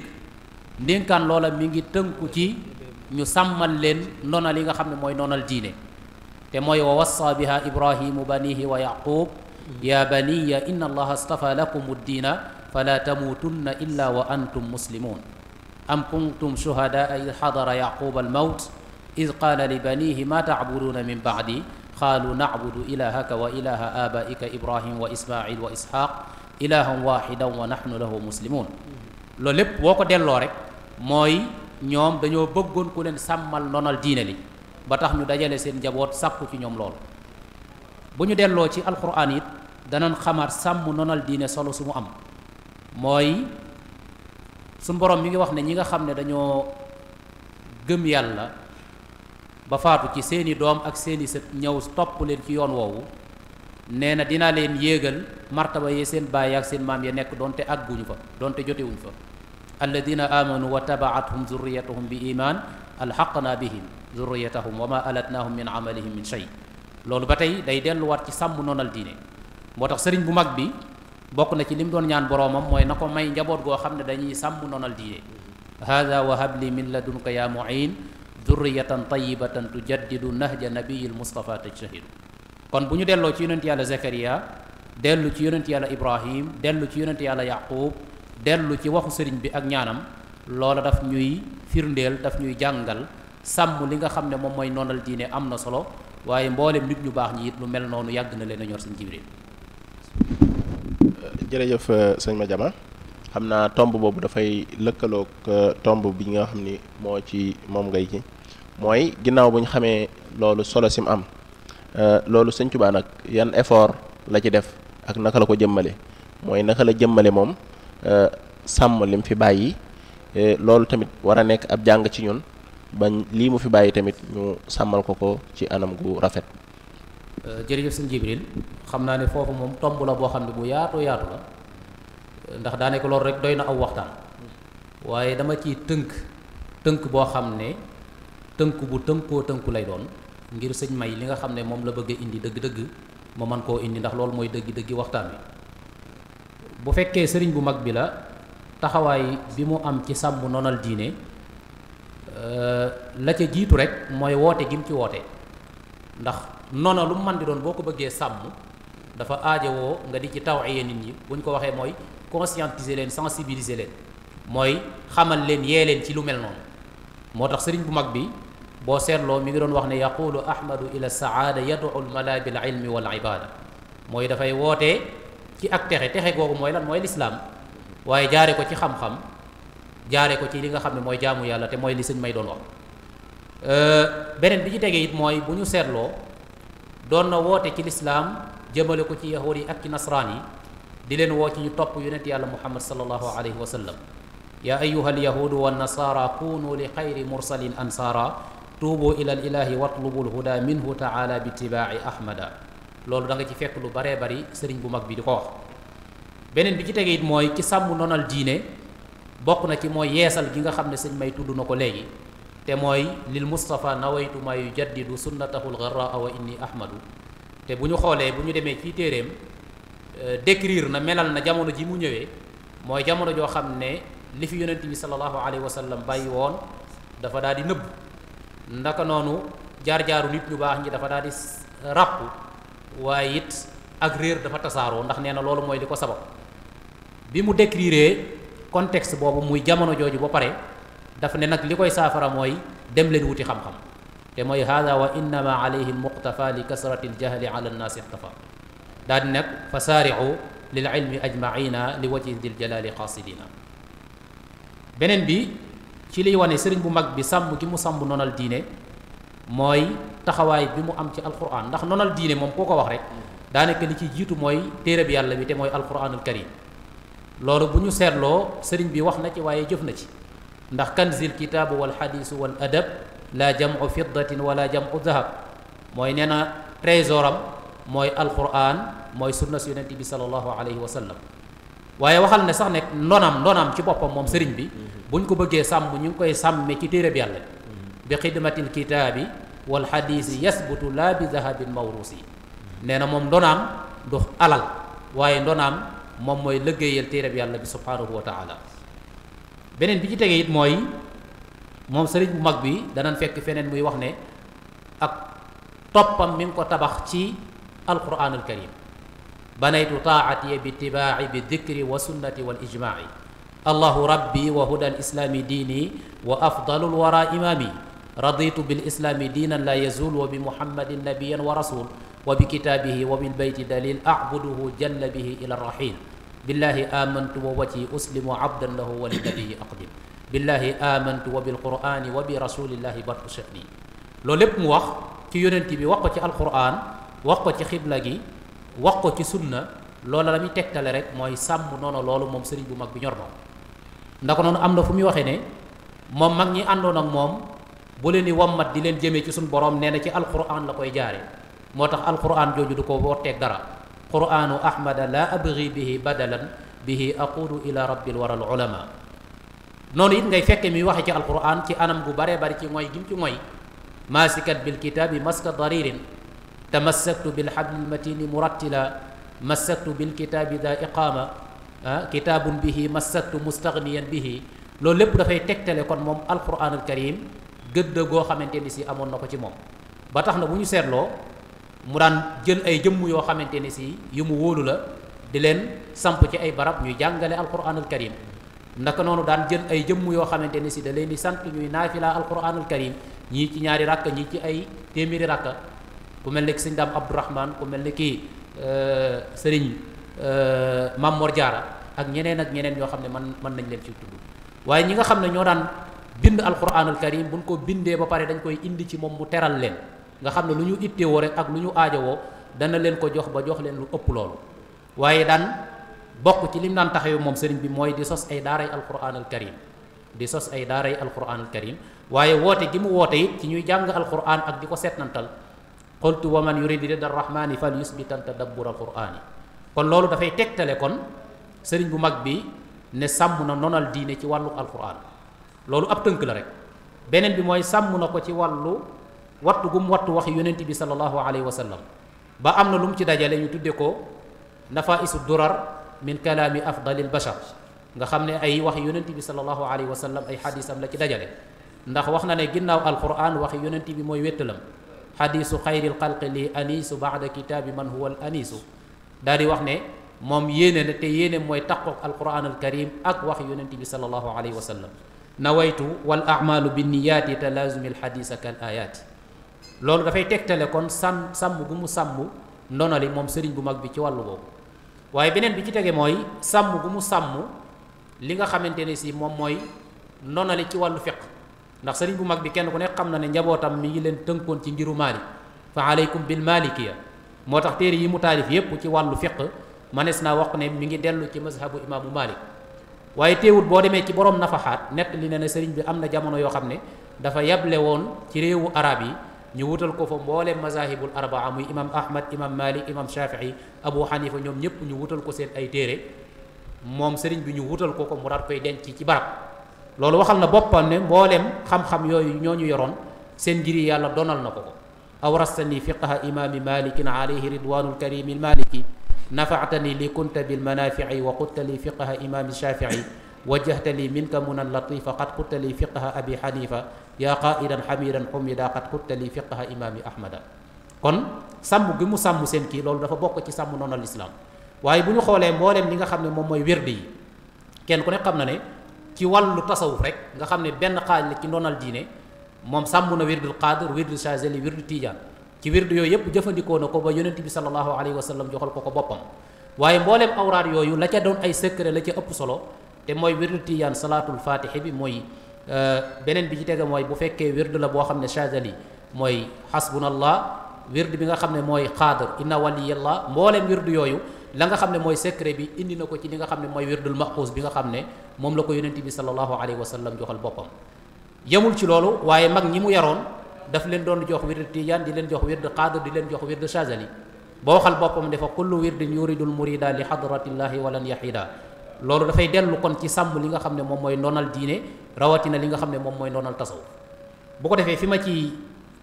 ndénkaan loola mi ngi tënku ci ñu sàmmal leen nonal yi nga xam ne mooy noonal diine te mooy wa wassa biha ibrahimu banihi wa yaqub ya baniya inna allaha astafa lakum ddiina fala tamuutunna illa wa antum muslimun am kuntum shuhadaa id xadara yaquba almawt id qaala li banihi ma tacbuduuna min bacdi qaalu nacbudu ilahaka wa ilaha aabaika ibrahim wa ismail wa isxaaq ilahan waxidan wa nahnu lahu muslimun loolu lépp boo ko delloo rek mooy ñoom dañoo bëggoon ku leen sàmmal nonal diine li ba tax ñu dajale seen njaboot sàkku ci ñoom lool bu ñu delloo ci alquran it danañ xamaat sàmm nonal diine solo su mu am mooy su borom mi ngi wax ne ñi nga xam ne dañoo gëm yàlla ba faatu ci seeni doom ak seeni sa ñëw topp leen ci yoon woowu nee na dinaa leen yéegal martaba yee seen baay ak seen maam yi nekk donte àgguñu fa donte jotewuñ fa dina amanu wa tabaathum zurriyatuhum bi iman naa bihim zurriyatahum wa ma alatnahum min amalihim min ba tey day delluwaat ci sàmm noonal diine moo tax sëriñ bu mag bi bokk na ci li doon ñaan boroomam mooy na ko may njaboot goo xam ne dañuy sàmm noonal diine hada wa habli min ladunka ya muin zurriyatan tayibatan tujaddidu nahja nabiyil mustafa tajtahidu kon bu ñu delloo ci yonent yàlla zakariya dellu ci yonent yàlla ibrahim dellu ci yonent yàlla yaqub dellu ci waxu sëriñ bi ak ñaanam loola daf ñuy firndeel daf ñuy jàngal sàmm li nga xam ne moom mooy noonal diine am na solo waaye mboolem nit ñu baax ñi it lu mel noonu yàgg na leen a ñor sëñ Jibril jërëjëf euh, sëñ Madiama xam naa tomb boobu dafay lëkkalook euh, tomb bi nga xam ni moo ci moom ngay ji mooy ginnaaw bu ñu xamee loolu solo sim am euh, loolu sëñ Tuubaa nag yan effort la ci def ak naka la ko jëmmale mooy naka la jëmmale moom sàmm lim fi bàyyi loolu tamit war a nekk ab jàng ci ñun bañ lii mu fi bàyyi tamit ñu sàmmal ko ko ci anam gu rafet. Euh, jërëjëf sëñ Jibril xam naa ne foofu moom tomb la boo xam ne bu yaatu yaatu la ndax daanaka loolu rek doy na aw waxtaan waaye dama ci tënk tënk boo xam ne tënk bu tënkoo tënku lay doon ngir sëñ may li nga xam ne moom la bëgg a indi dëgg-dëgg ma mën koo indi ndax loolu mooy dëgg-dëgg waxtaan wi bu fekkee sëriñ bu mag bi la taxawaay bi mu am ci sàmm nonal diine. Euh, la ca jiitu rek mooy woote gi mu ci woote ndax noona lu mu mën di doon boo ko bëggee sàmm dafa aajowoo nga di ci tawxiya nit ñi bu ñu ko waxee mooy conscientiser leen sensibiliser leen mooy xamal leen yee leen ci lu mel noonu moo tax sëriñ bu mag bi boo seetloo mi ngi doon wax ne yaqulu ahmadu ila saada yad'u almala bil ilmi wal ibada mooy dafay woote ci ak texe texe googu mooy lan mooy lislaam waaye jaare ko ci xam-xam jaaree ko ci li nga xam ne mooy jaamu yàlla te mooy li sëñ may doon wax euh, beneen bi ci tegee it mooy bu ñu seetloo doon na woote ci lislaam jëmale ko ci yahuud yi ak ci nasraan yi di leen woo ci ñu topp yonent yàlla muhammad sallallahu alayhi wa sallam yaa ayuha alyahuudu wa nasaara kunu li xayri mursalin ansaara tuubu ila al ilahi watlubu lhuda minhu taala bi itibaaci ahmada loolu da nga ci fekk lu baree bari sëriñ bu mag bi di ko wax beneen bokk na ci mooy yeesal gi nga xam ne seen may tudd na ko léegi te mooy lil mustapha nawaytu ma yu jaddidu sunnatahu aw wa inni ahmadu te bu ñu xoolee bu ñu demee ci téeréem euh, décrire na melal na jamono ji mu ñëwee mooy jamono joo xam ne li fi yonent bi sallallahu alayhi wa sallam bàyyi woon dafa daal di nëbb ndaka noonu jaar-jaaru nit ñu baax ñi dafa daal di ràpp waaye it ak réer dafa tasaaroo ndax nee na loolu mooy li ko sabab bi mu décrire contexte boobu muy jamono jooju ba pare dafa ne nag li koy saafara mooy dem leen wuti xam-xam te mooy hada wa innama alayhi almuqtafa li kasrati aljahli ala annaasi ixtafa daa di nag fa saariu lil ilmi ajmaina li wajhi dil jalali xaasidina beneen bi ci liy wane sëriñ bu mag bi sàmm gi mu sàmm nonal diine mooy taxawaay bi mu am ci alquran ndax nonal diine moom koo ko wax rek daanaka li ci jiitu mooy téere bi yàlla bi te mooy alquranul karim loolu bu ñu seetloo sëriñ bi wax na ci waaye jëf na ci ndax kanzil kitaabu wal xadiisu wal adab la jamu fiddatin wala jamu dahab mooy nee na am mooy alquran mooy sunna su yonent bi sallallahu alayhi wa sallam waaye waxal ne sax ne ndonam ndonam ci boppam moom sëriñ bi buñ ko bëggee sàmm ñu ngi koy sàmme ci téere bi yàlla bi xidmatil kitaabi wal xadiisi yasbutu laa bi dahabin mawrusi nee na moom ndonaam du alal waaye ndonaam moom mooy lëggéeyal téereb bi subhaanahu wa taala beneen bi ci tegee it mooy moom sëriñ bu mag bi danañ fekk feneen muy wax ne ak toppam mi ko tabax ci alquranul karim banaytu taatiya bi itibaaci bi dikri wa sunnati wal ijmaaci allahu rabbi wa huda alislaami diini wa afdalu lwara imaami raditu bilislaami diinan la yazul wa bi muhammadin nabiyan wa rasul wa bi kitaabihi wa bil bayti dalil abuduhu jalla bihi ila rahil billahi amantu wa wajhi uslimu abdan lahu wa linabiyyi aqdim billahi amantu wa bil qurani wa bi rasulillahi bat ushani loolu lépp mu wax ci yonent bi wax ko ci alquran wax ko ci xibla gi wax ko ci sunna loola la muy tegtale rek mooy sàmm noonu loolu moom sëriñ bu mag bi ñor na ndax am na fu muy waxe ne moom mag ñi àndoon ak moom bu leen di wammat di leen jëmee ci suñu borom nee na ci alquran la koy jaare moo tax alquran jooju du ko wotteeg dara quranu ahmada la abri bihi badalan bihi aqulu ila rabbil waral ulama noonu yit ngay fekke muy waxe ci alquran ci anam gu baree bari ci mooy gim ci mooy maasikat bil kitaabi maska daririn tamassaktu bil hablil matini murattila massaktu bil kitaabi da iqaama kitaabun bihi massaktu mustaghniyan bihi loolu lépp dafay tegtale kon moom alquranul karim gëdd goo xamante ni si amoon na ko ci moom ba tax na bu ñu seetloo mu daan jël ay jëmm yoo xamante ne si yu mu wóolu la di leen samp ci ay barab ñuy jàngale alquranul karim naka noonu daan jël ay jëmm yoo xamante ne si da leen di sant ñuy naafila alquranul karim ñii ci ñaari rakk ñii ci ay téeméeri rakka ku mel ne ki sëñ daam abdourahman ku mel ne kii euh, sëriñ euh, Mamor Jaara ak ñeneen ak ñeneen ñoo xam ne man mën nañ leen ci tudd waaye ñi nga xam ne ñoo daan bind alquranul karim buñ ko bindee ba pare dañ koy indi ci moom mu teral leen nga xam ne lu ñu ittewoo rek ak lu ñu aajowoo dana leen ko jox ba jox leen lu ëpp loolu waaye daan bokk ci lim daan taxawee moom sëriñ bi mooy di sos ay daaray alquran al karim di sos ay daaray alquran al karim waaye woote gi mu woote it ci ñuy jàng alquran ak di ko seetnantal qultu wa man yuridu rida arrahmani fal yusbitan tadabbur alqurani kon loolu dafay tegtale kon sëriñ bu mag bi ne sàmm na nonal diine ci wàllu alquran loolu ab tënk la rek beneen bi mooy sàmm na ko ci wàllu wattu gum wattu wax yonent bi sallallahu alayhi wa sallam ba am na lu mu ci dajale ñu tudde ko nafaisu durar min kalaami afdalil bashar nga xam ne ay wax yonent bi sallallahu alayhi wa sallam ay xadisam la ci dajale ndax wax na ne ginnaaw alquran wax yonent bi mooy wéttalam xadisu xayril xalqi li anisu baada kitaabi man huwa al anisu daal di wax ne moom yéene na te yéene mooy taqoog alquran al karim ak wax yonent bi sallallahu alayhi wa sallam nawaytu wal amalu binniyaati talaazumi alxadisa kal ayaati loolu dafay tegtale kon sàn sàmm gu mu sàmm ndonali moom sëriñ bu mag bi ci wàllu boobu waaye beneen bi ci tege mooy sàmm gu mu sàmm li nga xamante ne si moom mooy ndonali ci wàllu fiq ndax sëriñ bu mag bi kenn ku nekk xam na ne njabootam mi ngi leen tënkoon ci ngiru Maalik fa aleykum bil malikiya moo tax téere yi mu taalif yépp ci wàllu fiq manees naa wax ne mi ngi dellu ci mazhabu imaamu Maalik waaye teewut boo demee ci borom nafaxaat nett li ne ne bi am na jamono yoo xam ne dafa yable woon ci réewu arab yi ñu wutal ko fa mbooleem mazahibul arbaa muy imam ahmad imam malik imam shafii abu xanifa ñoom ñëpp ñu wutal ko seen ay téere moom sëriñ bi ñu wutal ko ko mu daat koy denc ci barab loolu waxal na boppam ne mbooleem xam-xam yooyu ñoo ñu yoroon seen njiri yàlla donal na ko ko awrastani fiqaha imaami malikin alayhi ridwanu lkarimi lmaliki nafaatani li kunta bilmanafici wa qutta li fiqaha imaami shafii wajjahta li minka munan latifa qad qutta li fiqaha abi xanifa yaa qaidan xamidan xumida qad xutta li fiqaha imaami ahmada kon sàmm gi mu sàmm seen kii loolu dafa bokk ci sàmm noonu lislaam waaye bu ñu xoolee mbooleem li nga xam ne moom mooy wérdi yi kenn ku ne xam na ne ci wàllu tasawuf rek nga xam ne benn xaaj la ci ndonal diine moom sàmm na wirdul qaadir wirdul chazeli wirdu tijaan ci wirdu yooyu yëpp jëfandikoo na ko ba yonent bi sallallahu alayhi wa sallam joxal ko ko boppam waaye mbooleem awraat yooyu la ca doon ay secret la ca ëpp solo te mooy wirdu tijaan salaatul faatihi bi mooy Euh, beneen bi ci tege mooy bu fekkee wird la boo xam ne chadali mooy xasbunallah wird bi nga xam ne mooy xaadir inna waliyallah mbooleem wird yooyu la nga xam ne mooy secret bi indi na ko ci li nga xam ne mooy wirdul maxuus bi nga xam ne moom la ko yonent bi sallallahu alayhi wa sallam joxal boppam yemul ci loolu waaye mag ñi mu yaroon daf leen doon jox wird tijaan di leen jox wird xaadir di leen jox wird chazali boo xal boppam dafa kullu wirdin yuridul murida li xadratillahi walan yahida loolu dafay dellu kon ci sàmm li nga xam ne moom mooy ndonal diine rawatina li nga xam ne moom mooy ndonal tasawuf bu ko defee fi ma ci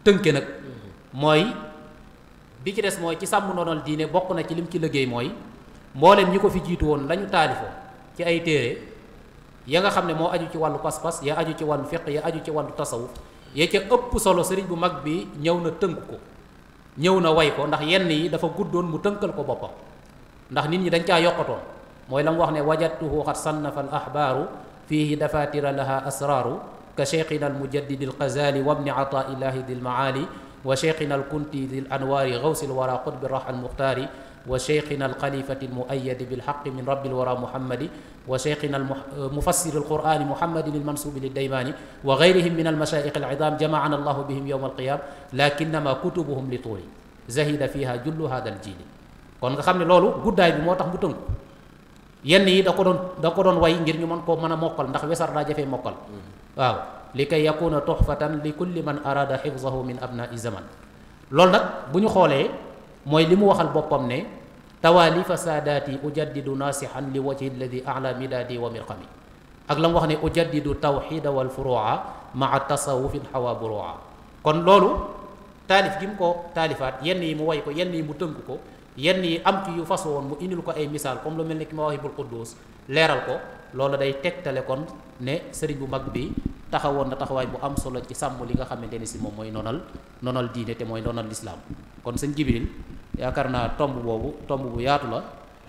tënke nag mooy bi ci des mooy ci sàmm ndonal diine bokk na ci lim ci liggéey mooy mboolem ñi ko fi jiitu woon lañu taalifoo ci ay téere ya nga xam ne moo aju ci wàllu pas-pas ya aju ci wàllu fiq ya aju ci wàllu tasawuf ya ca ëpp solo sëriñ bu mag bi ñëw na tënk ko ñëw na way ko ndax yenn yi dafa guddoon mu tënkal ko boppam ndax nit ñi dañ caa yokkatoon mooy la mu wax ne wajadtuhu xat sannafa al ahbaaru fiihi dafatira laha asraaru ka cheikhina al mujaddidi al xazali wabni ataillahi di lmaali wa cheikhina al kunti di l anwaari gawsi lwara qutbi rah al muxtaari wa cheikhina al xalifati al muayyadi bil xaqi min rabbi l wara muhammadi wa cheikhina al euh, mufassiri al qurani muhammadin al mansubi lid daymaani wa gayrihim min al mashaayixi al idaam jamaana allahu bihim yowma al qiyaama lakinnama kutubuhum li tuuli zahida fiha jullu hada al jiili kon nga xam ne loolu guddaay bi moo tax mu tënku yenn yi da ko doon da ko doon way ngir ñu man koo mën a mokkal ndax wesar daa jafe mokkal mm-hmm. waaw li kay yakuna toxfatan li kulli man arada xifzahu min abnai zaman loolu nag bu ñu xoolee mooy li mu waxal boppam ne tawaalifa saadaati ujaddidu naasixan li wajhi alladi ala midaadi wa mirqami ak la mu wax ne ujaddidu tawxida wal furuwa ma tasawufin xawa buruwa kon loolu taalif gi mu ko taalifaat yenn yi mu way ko yenn yi mu tënk ko yenn yi am ci yu fas woon mu indil ko ay misaal comme lu mel ni ki Mawaahibul Quddus leeral ko loolu day tegtale kon ne sëriñ bu mag bi taxawoon na taxawaay bu am solo ci sàmm li nga xamante ni si moom mooy noonal noonal diine te mooy noonal lislaam kon sëñ Jibril yaakaar naa tomb boobu tomb bu yaatu la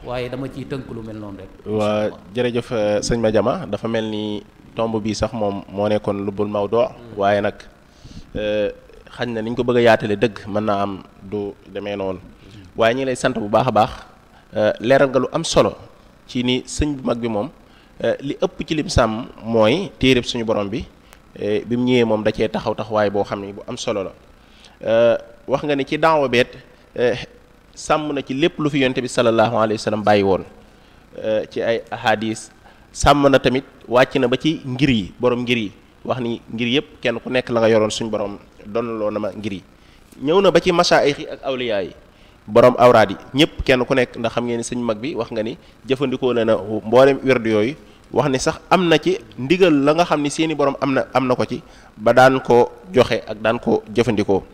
waaye dama ciy tënk lu mel noonu rek. waa jërëjëf eh, sëñ jama dafa mel ni tomb bii sax moom moo nekkoon lubbul mawdoo waaye nag eh, xañ na ni ko bëgg a yaatale dëgg mën naa am du demee noonu. waaye ñi ngi lay sant bu baax a baax euh, leeral nga lu am solo ci ni sëñ bu mag bi moom euh, li ëpp ci lim sàmm mooy téereb suñu borom bi euh, bi mu ñëwee moom da cee taxaw taxawaay boo xam ne bu am solo la wax nga ni ci daawa beet sàmm na ci lépp lu fi yonte bi sallallahu alayhi wa bàyyi woon ci ay ahadis sàmm na tamit wàcc na ba ci ngir yi borom ngir yi wax ni ngir yëpp kenn ku nekk la nga yoroon suñu borom doon loo ma ngir yi ñëw na ba ci masaayix yi ak awliyaa yi borom awraad yi ñëpp kenn ku nekk ndax xam ngeen ni sëñ mag bi wax nga ni jëfandikoo na na mboolem werd yooyu wax ni sax am na ci ndigal la nga xam ni seeni i borom am na am na ko ci ba daan ko joxe ak daan ko jëfandikoo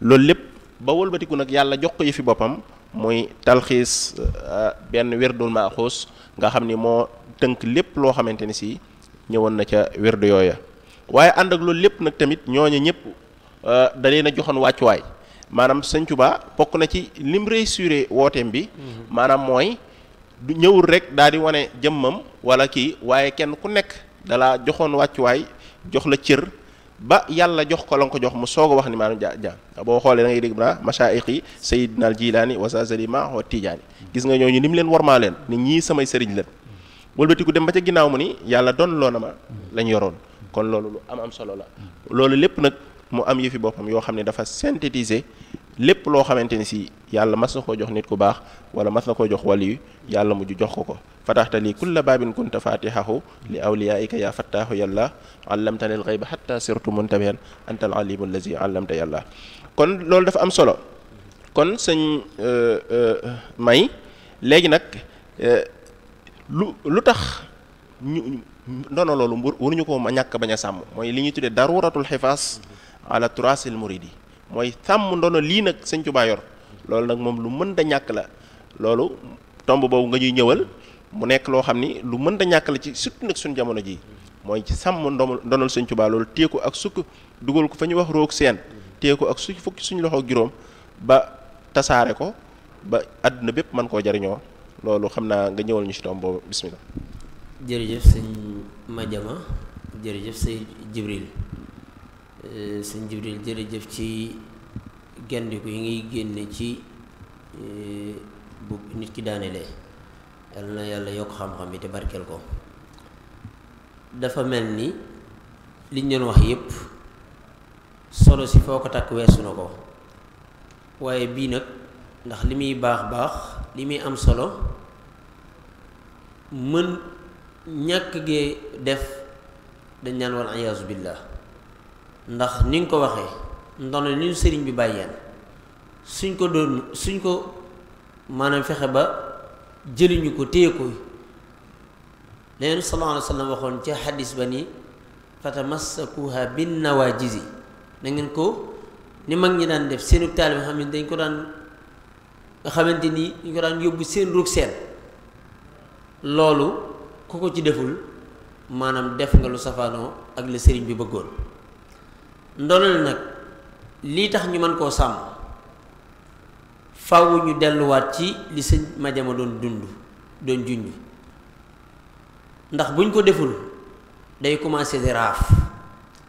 loolu lépp ba wëlbatiku nag yàlla jox ko yëfi boppam muy talxiis euh, benn werdul maaxuus nga xam ni moo tënk lépp loo xamante ni si ñëwoon na ca werd yooya waaye ànd ak loolu lépp nag tamit ñooñu ñëpp euh, da leen a joxoon wàccuwaay maanaam sëñ Tuubaa bokk na ci lim réussiré wooteem bi maanaam mooy du ñëwul rek daal di wane jëmmam wala kii waaye kenn ku nekk dalaa joxoon wàccuwaay jox la cër ba yàlla jox ko la ko jox mu soog a wax ni maanaam ja ja boo xoolee da ngay dégg naa machaayix yi Sayyidina al Jilaani wa Zazalima wa Tijaani gis nga ñooñu ni mu leen warmaa leen ni ñii samay sëriñ leen wëlbatiku dem ba ca ginnaaw ma ni yàlla doon loo ma lañ yoroon kon loolu lu am am solo la loolu lépp nag mu am yëfi boppam yoo xam ne dafa synthétiser lépp loo xamante ni si yàlla mas na koo jox nit ku baax wala mas na koo jox waliyu yàlla ju jox ko ko fataxta li kulla baabin kunta fatihahu li awliyaika yaa fattaahu yàlla allamtani alxayba xatta sirtu muntabihan anta al alimu allazi allamta yàlla kon loolu dafa am solo kon sëñ euh, euh, may léegi nag euh, lu lu tax ñu ndono loolu waruñu ko ma ñàkk bañ a sàmm mooy li ñu tuddee daruratul xifaas ala turasil muridi mooy sàmm ndono lii nag sëñ Tuubaa yor loolu nag moom lu mën da ñàkk la loolu tomb boobu nga ñuy ñëwal mu nekk loo xam ni lu mën da ñàkk la ci surtout nag suñ jamono ji mooy ci sàmm ndom ndonal sëñ Tuubaa loolu téye ak sukk dugal ko fa ñu wax roog seen téye ko ak suñu fukki suñu loxo juróom ba tasaare ko ba àdduna bépp mën koo jariñoo loolu xam naa nga ñëwal ñu ci tomb boobu bismillah jërëjëf sëñ Madiama jërëjëf sëñ Jibril Eh, sëñ Jibril jërëjëf ci gendiku yi ngay génne ci eh, bu nit ki daanelee yàlla na yàlla yokk xam-xam bi te barkeel ko dafa mel ni liñ doon wax yépp solo si foo ko takk weesu na ko waaye bii nag ndax li muy baax baax li muy am solo mën ñàkk gee def dañ naan wal iyaazu billah ndax ni nga ko waxee ndono ni ñu sëriñ bi bàyyeen suñ ko doon suñ ko maanaam fexe ba jëliñu ko téye ko leen sallallahu alayhi waxoon ca xadis ba ni fatamassakuha bin nawajisi na ngeen ko ni mag ñi daan def seenu taalibe xam ne dañ ko daan nga xamante ni ñu ko daan yóbbu seen ruug seen loolu ku ko ci deful maanaam def nga lu safaanoo ak la sëriñ bi bëggoon ndonal nag lii tax ñu mën koo sàmm faw delluwaat ci li sëñ Madiama doon dund doon junj ndax buñ ko deful day commencé di raaf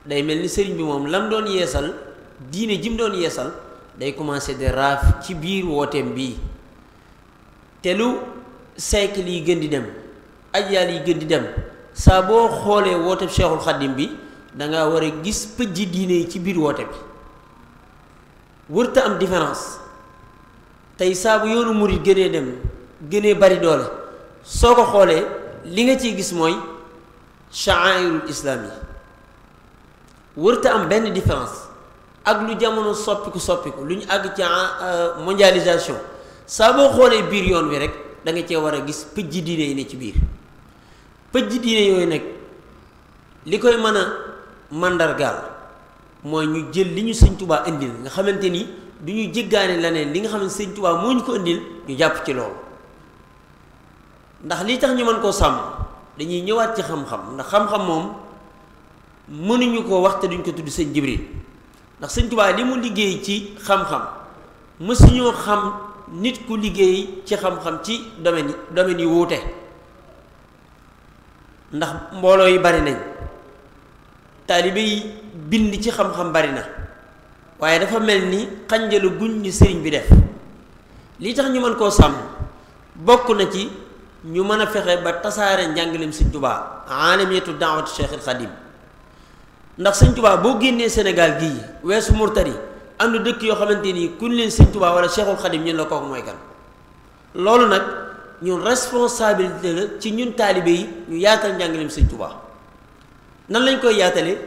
day mel ni sëriñ bi moom lam doon yeesal diine jim doon yeesal day commencé di raaf ci biir wooteem bii te lu siècle yi gën di dem ajyaal yi gën di dem saa boo xoolee wooteeb Cheikhul Xaddim bi danga war a gis pëjji diine yi ci biir woote bi wërta am différence tey saabu yoonu murit gënee dem gënee bari doole soo ko xoolee li nga ci gis mooy shaairul islaam yi am benn différence ak lu jamono soppiku soppiku lu ñu àgg ci ah, euh, mondialisation saa xoolee biir yoon wi rek da nga cee war a gis pëjji diine yi ne ci biir pëjji diine yooyu nag li koy mën a mandargaal mooy ñu jël li ñu sëñ tubaa indil nga xamante ni du ñu jéggaane leneen li nga xam ne sëñ tubaa moo ñu ko indil ñu jàpp ci loolu ndax li tax ñu mën koo sàmm dañuy ñëwaat ci xam-xam ndax xam-xam moom mënuñu ko wax te duñ ko tudd sëñ jibril ndax sëñ tubaa li mu liggéey ci xam-xam mësuñoo xam nit ku liggéey ci xam-xam ci domaine domaine yi wuute ndax mbooloo yi bari nañ taalibe yi bind ci xam-xam bari na waaye dafa mel ni xànjalu guñ ñu sëriñ bi def li tax ñu mën koo sàmm bokk na ci ñu mën a fexe ba tasaare njàngaleem sëñ tubaa aalamiyatu daawatu cheikhul xadim ndax sëñ tubaa boo génnee sénégal gii weesu murtari am na dëkk yoo xamante ni kuñ leen sëñ tubaa wala cheikhul xadim ñun la kooku mooy kan loolu nag ñun responsabilité la ci ñun taalibe yi ñu yaatal njàngaleem sëñ tubaa nan lañ koy yaatale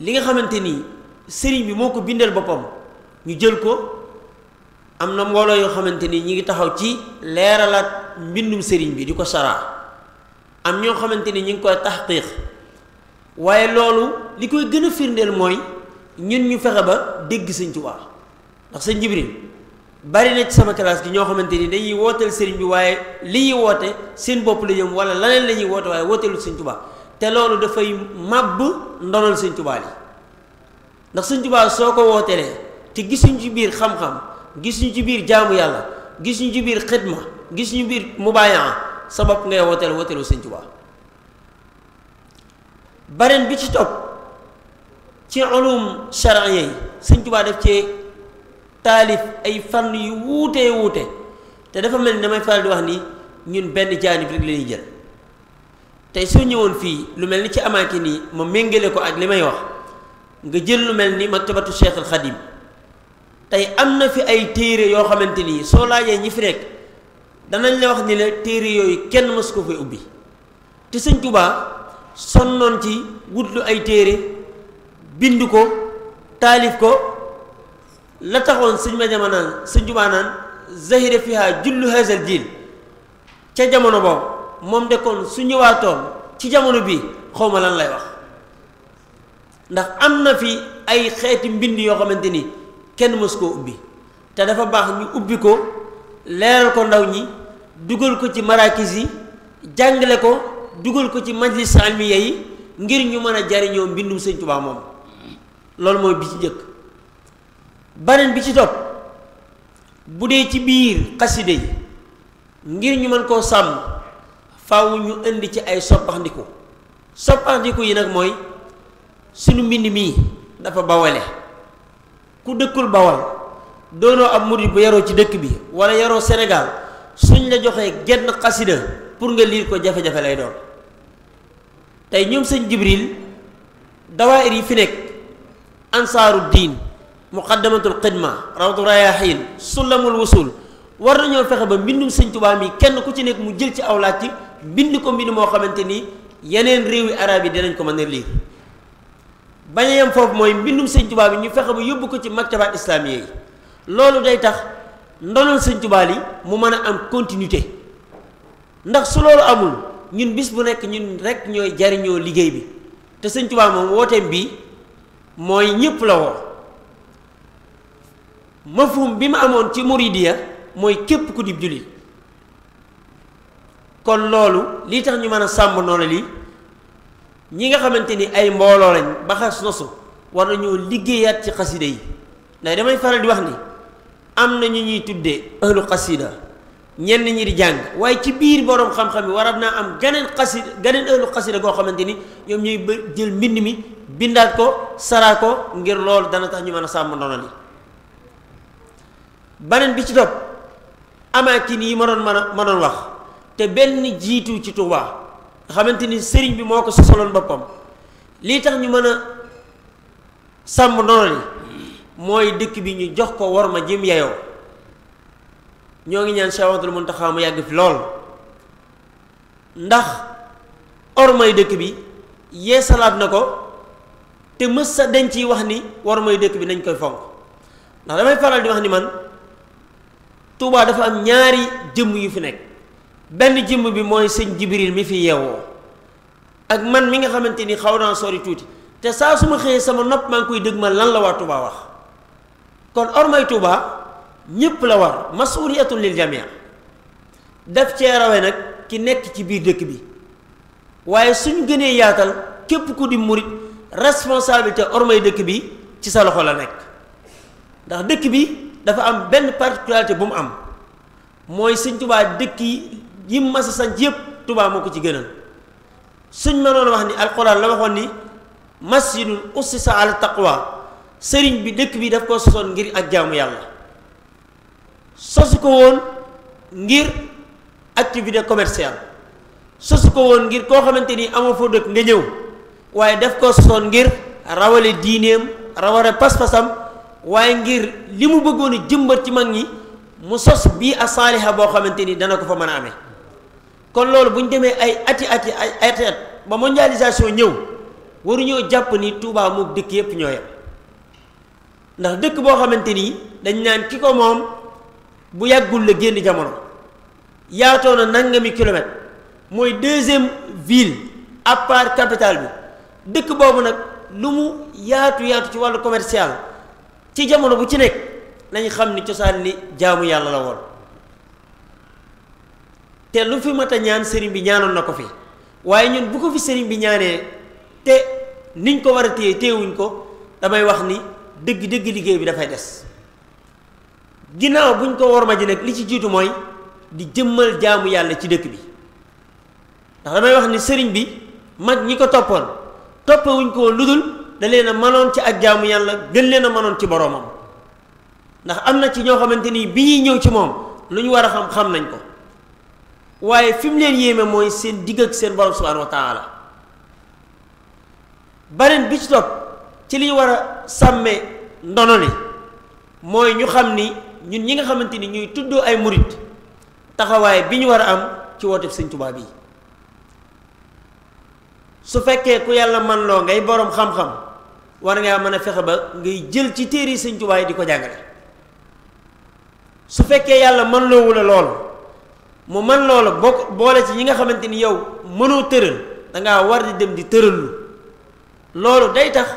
li nga xamante ni sëriñ bi moo ko bindeel boppam ñu jël ko am na mbooloo yoo xamante ni ñu ngi taxaw ci leeralaat mbindum sëriñ bi di ko saraa am ñoo xamante ni ñu ngi koy taxqiq waaye loolu li koy gën a firndeel mooy ñun ñu fexe ba dégg sëñ Tuubaa ndax sëñ Jibril bari na ci sama classe gi ñoo xamante ni dañuy wooteel sëriñ bi waaye li ñuy woote seen bopp la jëm wala laneen la ñuy woote waaye wooteelu sëñ Tuubaa te loolu dafay màbb ndonal sëñ Tuubaa yi ndax sëñ Tuubaa soo ko wootelee te gis gisuñ ci biir xam-xam ñu ci biir jaamu yàlla gis gisuñ ci biir xidma gisuñu biir mubaayaan sabab ngay wooteel wooteelu sëñ Tuubaa beneen bi ci topp ci ulum charia yi sëñ Tuubaa daf cee taalif ay fànn yu wuutee wuute te dafa mel ni damay faral di wax ni ñun benn jaanib rek la jël tey soo ñëwoon fii lu mel ni ci amaaki nii ma méngale ko ak li may wax nga jël lu mel ni maktabatu Cheikh al Xadim tey am na fi ay téere yoo xamante nii soo laajee ñi fi nekk danañ la wax ni la téere yooyu kenn mës ko fay ubbi te sëñ Tuubaa sonnoon ci wutlu ay téere bind ko taalif ko la taxoon sëñ ma jamanaan sëñ Tuubaa naan zahira fiha jullu hazal jiil ca jamono boobu moom de kon su ñëwaatoon ci jamono bi xaw ma lan lay wax ndax am na fi ay xeeti mbind yoo xamante ni kenn mës koo ubbi te dafa baax ñu ubbi ko leeral ko ndaw ñi dugal ko ci marakis yi jàngale ko dugal ko ci majlis almiya yi ngir ñu mën a jariñoo mbindum sëñ Tuubaa moom loolu mooy bi ci njëkk beneen bi ci topp bu dee ci biir xaside yi ngir ñu mën koo sàmm faaw ñu indi ci ay soppaxndiku soppaxndiku yi nag mooy suñu mbind mii dafa bawale ku dëkkul bawal doonoo am murid bu yaroo ci dëkk bi wala yaroo Sénégal suñ la joxee genn xasida pour nga liir ko jafe-jafe lay doon tey ñoom sëñ Jibril dawaayir yi fi nekk ansaaru diin muqaddamatul xidma rawdu rayaxiin sullamul wusul war nañoo fexe ba mbindum sëñ Tuubaa mi kenn ku ci nekk mu jël ci aw laaj bind ko mbind moo xamante ni yeneen réew yi arab yi dinañ ko mën a lire bañ a foofu mooy mbindum sëñ Tuubaa bi ñu fexe ba yóbbu ko ci maktabaat islaamiya yi loolu day tax ndonal sëñ Tuubaa yi mu mën a am continuité ndax su loolu amul ñun bis bu nekk ñun rek ñooy jariñoo liggéey bi te sëñ Tuubaa moom wooteem bii mooy ñépp la woo mafhum bi ma amoon ci muridiya mooy képp ku dib jullit kon loolu lii tax ñu mën a sàmm noonu lii ñi nga xamante ni ay mbooloo lañ ba xas nosu war nañoo liggéeyaat ci xasida yi ndax damay faral di wax ni am na ñu ñuy tuddee ahlu xasida ñenn ñi di jàng waaye ci biir boroom xam-xam yi warat naa am ganeen xasida ganeen ahlu xasida goo xamante ni ñoom ñooy bë jël mbind mi bindaat ko saraa ko ngir loolu dana tax ñu mën a sàmm ndono li beneen bi ci topp amaakin yi ma doon mën a ma doon wax te benn jiitu ci Tuubaa xamante ni sëriñ bi moo ko sosaloon boppam lii tax ñu mën a sàmm ndono li mooy dëkk bi ñu jox ko war ma jëm yayoo ñoo ngi ñaan Cheikh Ahmadul Muntaxa mu yàgg fi lool ndax ormay dëkk bi yeesalaat na ko te mës sa denc yi wax ni ormay dëkk bi nañ koy fonk ndax damay faral di wax ni man tuubaa dafa am ñaari jëmm yu fi nekk benn jëmm bi mooy sëñ Jibril mi fi yeewoo ak man mi nga xamante ni xaw naa sori tuuti te saa su ma xëyee sama nopp maa ngi koy dëgg ma lan la waa Touba wax kon ormay Touba ñépp la war masuliyatun lil jamia def cee rawe nag ki nekk ci biir dëkk bi waaye suñ gënee yaatal képp ku di murit responsabilité ormay dëkk bi ci sa loxo la nekk ndax dëkk bi dafa am benn particularité bu mu am mooy sëñ Touba dëkk yi yim masa sanc yëpp Tuubaa moo ko ci gënal suñ mënoon wax ni alquran la waxoon ni masjidun ussisa ala taqwa sëriñ bi dëkk bi daf koo sosoon ngir ak jaamu yàlla sosu ko woon ngir activité commerciale ko woon ngir koo xamante ni amoo foo dëkk nga ñëw waaye daf ko sosoon ngir rawale diineem rawale pas-pasam waaye ngir li mu bëggoon a jëmbat ci mag ñi mu sos bii a saaliha boo xamante ni dana ko fa mën a amee kon loolu bu ñu demee ay ati ati ay ati at ba mondialisation ñëw waruñoo jàpp ni Touba moog dëkk yépp ñoo yem ndax dëkk boo xamante ni dañ naan ki ko moom bu yàggul la génn jamono yaatoo na nangami kilomètre mooy deuxième ville à part bi dëkk boobu nag lu mu yaatu yaatu ci wàllu commercial ci jamono bu ci nekk nañ xam ni cosaan ni jaamu yàlla la woon te lu fi mat a ñaan sëriñ bi ñaanoon na ko fi waaye ñun bu ko fi sëriñ bi ñaanee te niñ ko war a téye téewuñ ko damay wax ni dëgg dëgg liggéey bi dafay des ginnaaw buñ ko war ma ji li ci jiitu mooy di jëmmal jaamu yàlla ci dëkk bi ndax damay wax ni sëriñ bi mag ñi ko toppoon toppewuñ ko lu dul da leen manoon ci ak jaamu yàlla gën leen a manoon ci boroomam ndax am na ci ñoo xamante ni bi ñuy ñëw ci moom lu ñu war a xam xam nañ ko waaye fi mu leen yéeme mooy seen digg ak seen borom subhanahu wa taala beneen bi ci ci liy war a sàmme ndono li mooy ñu xam ni ñun ñi nga xamante ni ñuy tuddoo ay murit taxawaay bi ñu war a am ci wooteef sëñ Tuubaa bi su fekkee ku yàlla man ngay boroom xam-xam war ngaa mën a fexe ba ngay jël ci téere sëñ Tuubaa yi di ko jàngale su fekkee yàlla man loowu loolu mu mën loolu boo boole ci ñi nga xamante ni yow mënoo tëral dangaa war di dem di tërallu loolu day tax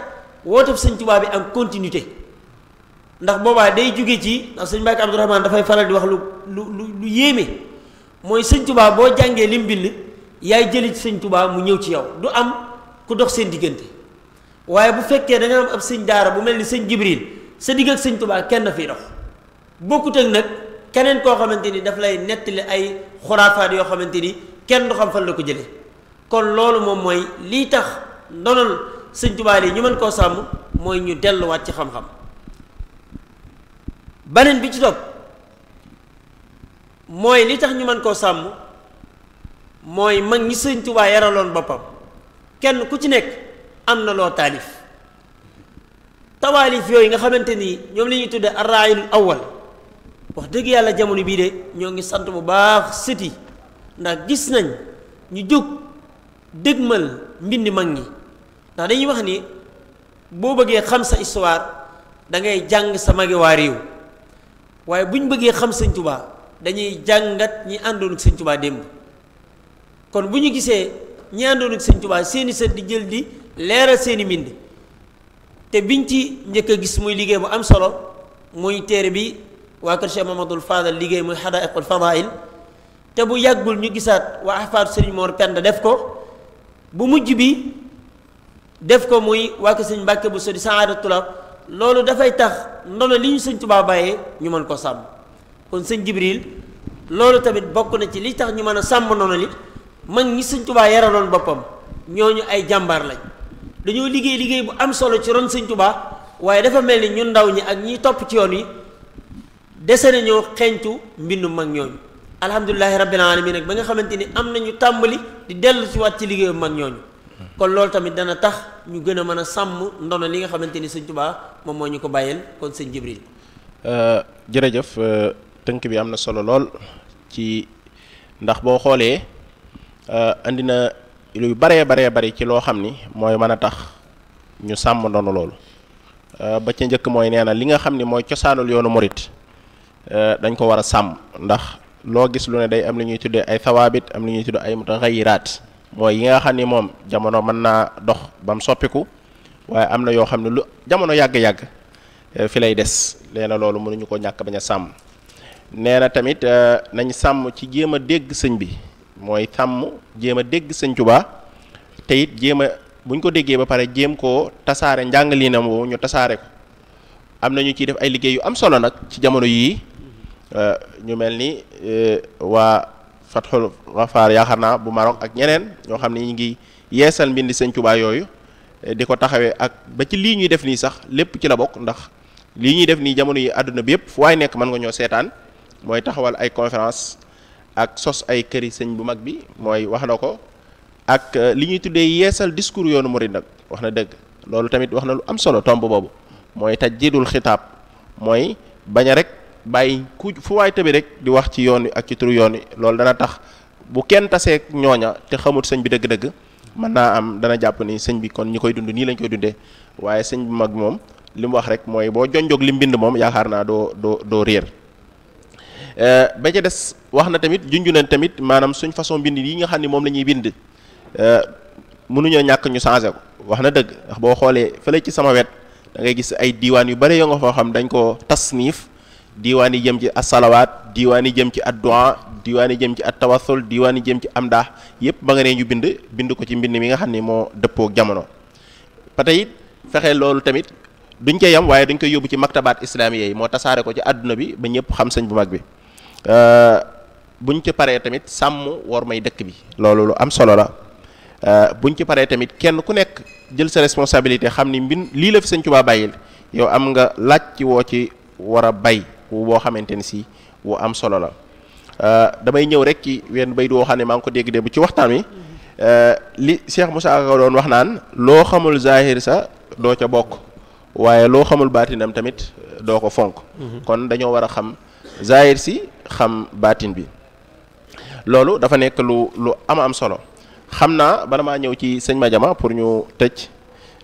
wootab sëñ Tuubaa bi am continuité ndax boobaa day jóge ci ndax sëñ Mbàkke Abdourahmane dafay faral di wax lu lu lu lu yéeme mooy sëñ Tuubaa boo jàngee lim bind yaay jëli ci sëñ Tuubaa mu ñëw ci yow du am ku dox seen diggante waaye bu fekkee da nga am ab sëñ daara bu mel ni sëñ Jibril sa digg ak sëñ Tuubaa kenn fiy dox bokkut ak nag. keneen koo xamante ni daf lay nettali ay xuraafaat yoo xamante ni kenn du xam fan la ko jële kon loolu moom mooy lii tax ndonal sëñ Tuubaa yi ñu mën koo sàmm mooy ñu delluwaat ci xam beneen bi ci topp mooy li tax ñu mën koo sàmm mooy mag ñi sëñ Tuubaa yaraloon boppam kenn ku ci nekk am na loo taalif tawaalif yooyu nga xamante ni ñoom la ñuy tudde arraayul awal wax dëgg yàlla jamono bii de ñoo ngi sant bu baax sëti ndax gis nañ ñu jóg dëgmal mbind mag ñi ndax dañuy wax ni boo bëggee xam sa histoire da ngay jàng sa magi réew waaye bu ñu bëggee xam sëñ tubaa dañuy jàngat ñi àndoon ak tubaa démb kon bu ñu gisee ñi àndoon ak tubaa seeni sët di jël di leeral seeni mbind te biñ ci njëkk a gis muy liggéey bu am solo muy téere bi waa kër Cheikh Mamadou Fadal liggéey muy xadaaiqul fadail te bu yàggul ñu gisaat waa ahfaadu sëriñ moor Penda def ko bu mujj bi def ko muy waa kër sëriñ Mbàkke bu sodi saada tulaab loolu dafay tax ndono li ñu sëñ Tuubaa bàyyee ñu mën ko sàmm kon sëñ Jibril loolu tamit bokk na ci li tax ñu mën a sàmm ndono li mag ñi sëñ Tuubaa yaraloon boppam ñooñu ay jàmbaar lañ dañoo liggéey liggéey bu am solo ci ron sëñ Tuubaa waaye dafa mel ni ñun ndaw ñi ak ñiy topp ci yoon wi dese nañoo xencu mbindu mag ñooñu alhamdulilahi rabbil alamin nag ba nga xamante ni am nañu tàmbali di dellu si waat ci liggéeyu mag ñooñu kon loolu tamit dana tax ñu gën a mën a sàmm ndono li nga xamante ni sëñ Tuubaa moom moo ñu ko bàyyeel kon sëñ Jibril euh, jërëjëf euh, tënk bi am na solo lool ci ndax boo xoolee indi euh, na luy baree baree bari ci loo xam ni mooy mën a tax ñu sàmm ndono loolu ba ca njëkk mooy nee na li nga xam ni mooy cosaanul yoonu murit Euh, dañ ko war a sàmm ndax loo gis lu ne day am lu ñuy tuddee ay sawaabit am lu ñuy tuddee ay mutaxayiraat mooy yi nga xam ni moom jamono mën naa dox ba mu soppiku waaye am na yoo xam ne lu jamono yàgg-yàgg euh, fi lay des nee na loolu mënuñu ko ñàkk bañ a sàmm nee na tamit euh, nañ sàmm ci jéem a dégg sëñ bi mooy sàmm jéem a dégg sëñ Tuubaa te it jéem a buñ ko déggee ba pare jéem koo tasaare njàng na woo ñu tasaare ko am na ñu ciy def ay liggéey yu am solo nag ci jamono yii Euh, ñu mel ni euh, waa Fathul Ghafaar yaakaar naa bu Maroc ak ñeneen ñoo xam ne ñu ngi yeesal mbind Sëñ Tuubaa yooyu eh, di ko taxawee ak ba ci lii ñuy def nii sax lépp ci la bokk ndax lii ñuy def nii jamono yi àdduna bi yëpp fu waay nekk mën nga ñoo seetaan mooy taxawal ay conférence ak sos ay këri sëñ bu mag bi mooy wax na ko ak euh, li ñuy tuddee yeesal discours yoonu murid nag wax na dëgg loolu tamit wax na lu am solo tomb boobu mooy tajjidul xitaab mooy bañ rek bàyyi ku fu waay tëbi rek di wax ci yoon wi ak ci turu yoon wi loolu dana tax bu kenn tasee ñooña te xamut sëñ bi dëgg-dëgg mën naa am dana jàpp ni sëñ bi kon ñi koy dund nii lañ koy dundee waaye sëñ bi mag moom li mu wax rek mooy boo jonjoog li mu bind moom yaakaar naa doo doo doo réer eh, ba ca des wax na tamit junju nañ tamit maanaam suñ façon bind yi nga xam ne moom la ñuy bind eh, mënuñoo ñàkk ñu changé ko wax na dëgg boo xoolee fële ci sama wet da ngay gis ay diiwaan yu bare yoo foo xam dañ koo tasniif diiwaan yi jëm ci asalawaat diiwaan yi jëm ci addu'a diiwaan yi jëm ci at tawasul diiwaan yi jëm ci am daax yëpp ba nga nee ñu bind bind ko ci mbind mi nga xam ne moo dëppook jamono pate tey fexe loolu tamit duñ ca yam waaye dañ koy yóbbu ci maktabaat islaamiya yi moo tasaare ko ci àdduna bi ba ñëpp xam sañ bu mag bi buñ ci paree tamit sàmm war may dëkk bi loolu lu am solo la buñ ci paree tamit kenn ku nekk jël sa responsabilité xam ni mbin lii la fi sëñ Tuubaa bàyyil yow am nga laaj ci ci war a bay boo xamante ni si wu am solo la euh, damay ñëw rek ci wenn bay di woo xam ne maa ngi ko dégg démb ci waxtaan wi euh, li Cheikh Moussa Ka doon wax naan loo xamul zahir sa doo ca bokk waaye loo xamul baatinam tamit doo ko fonk mhm. kon dañoo war a xam zahir si xam baatin bi loolu dafa nekk lu lu am am solo xam naa bala maa ñëw ci sëñ jama pour ñu tëj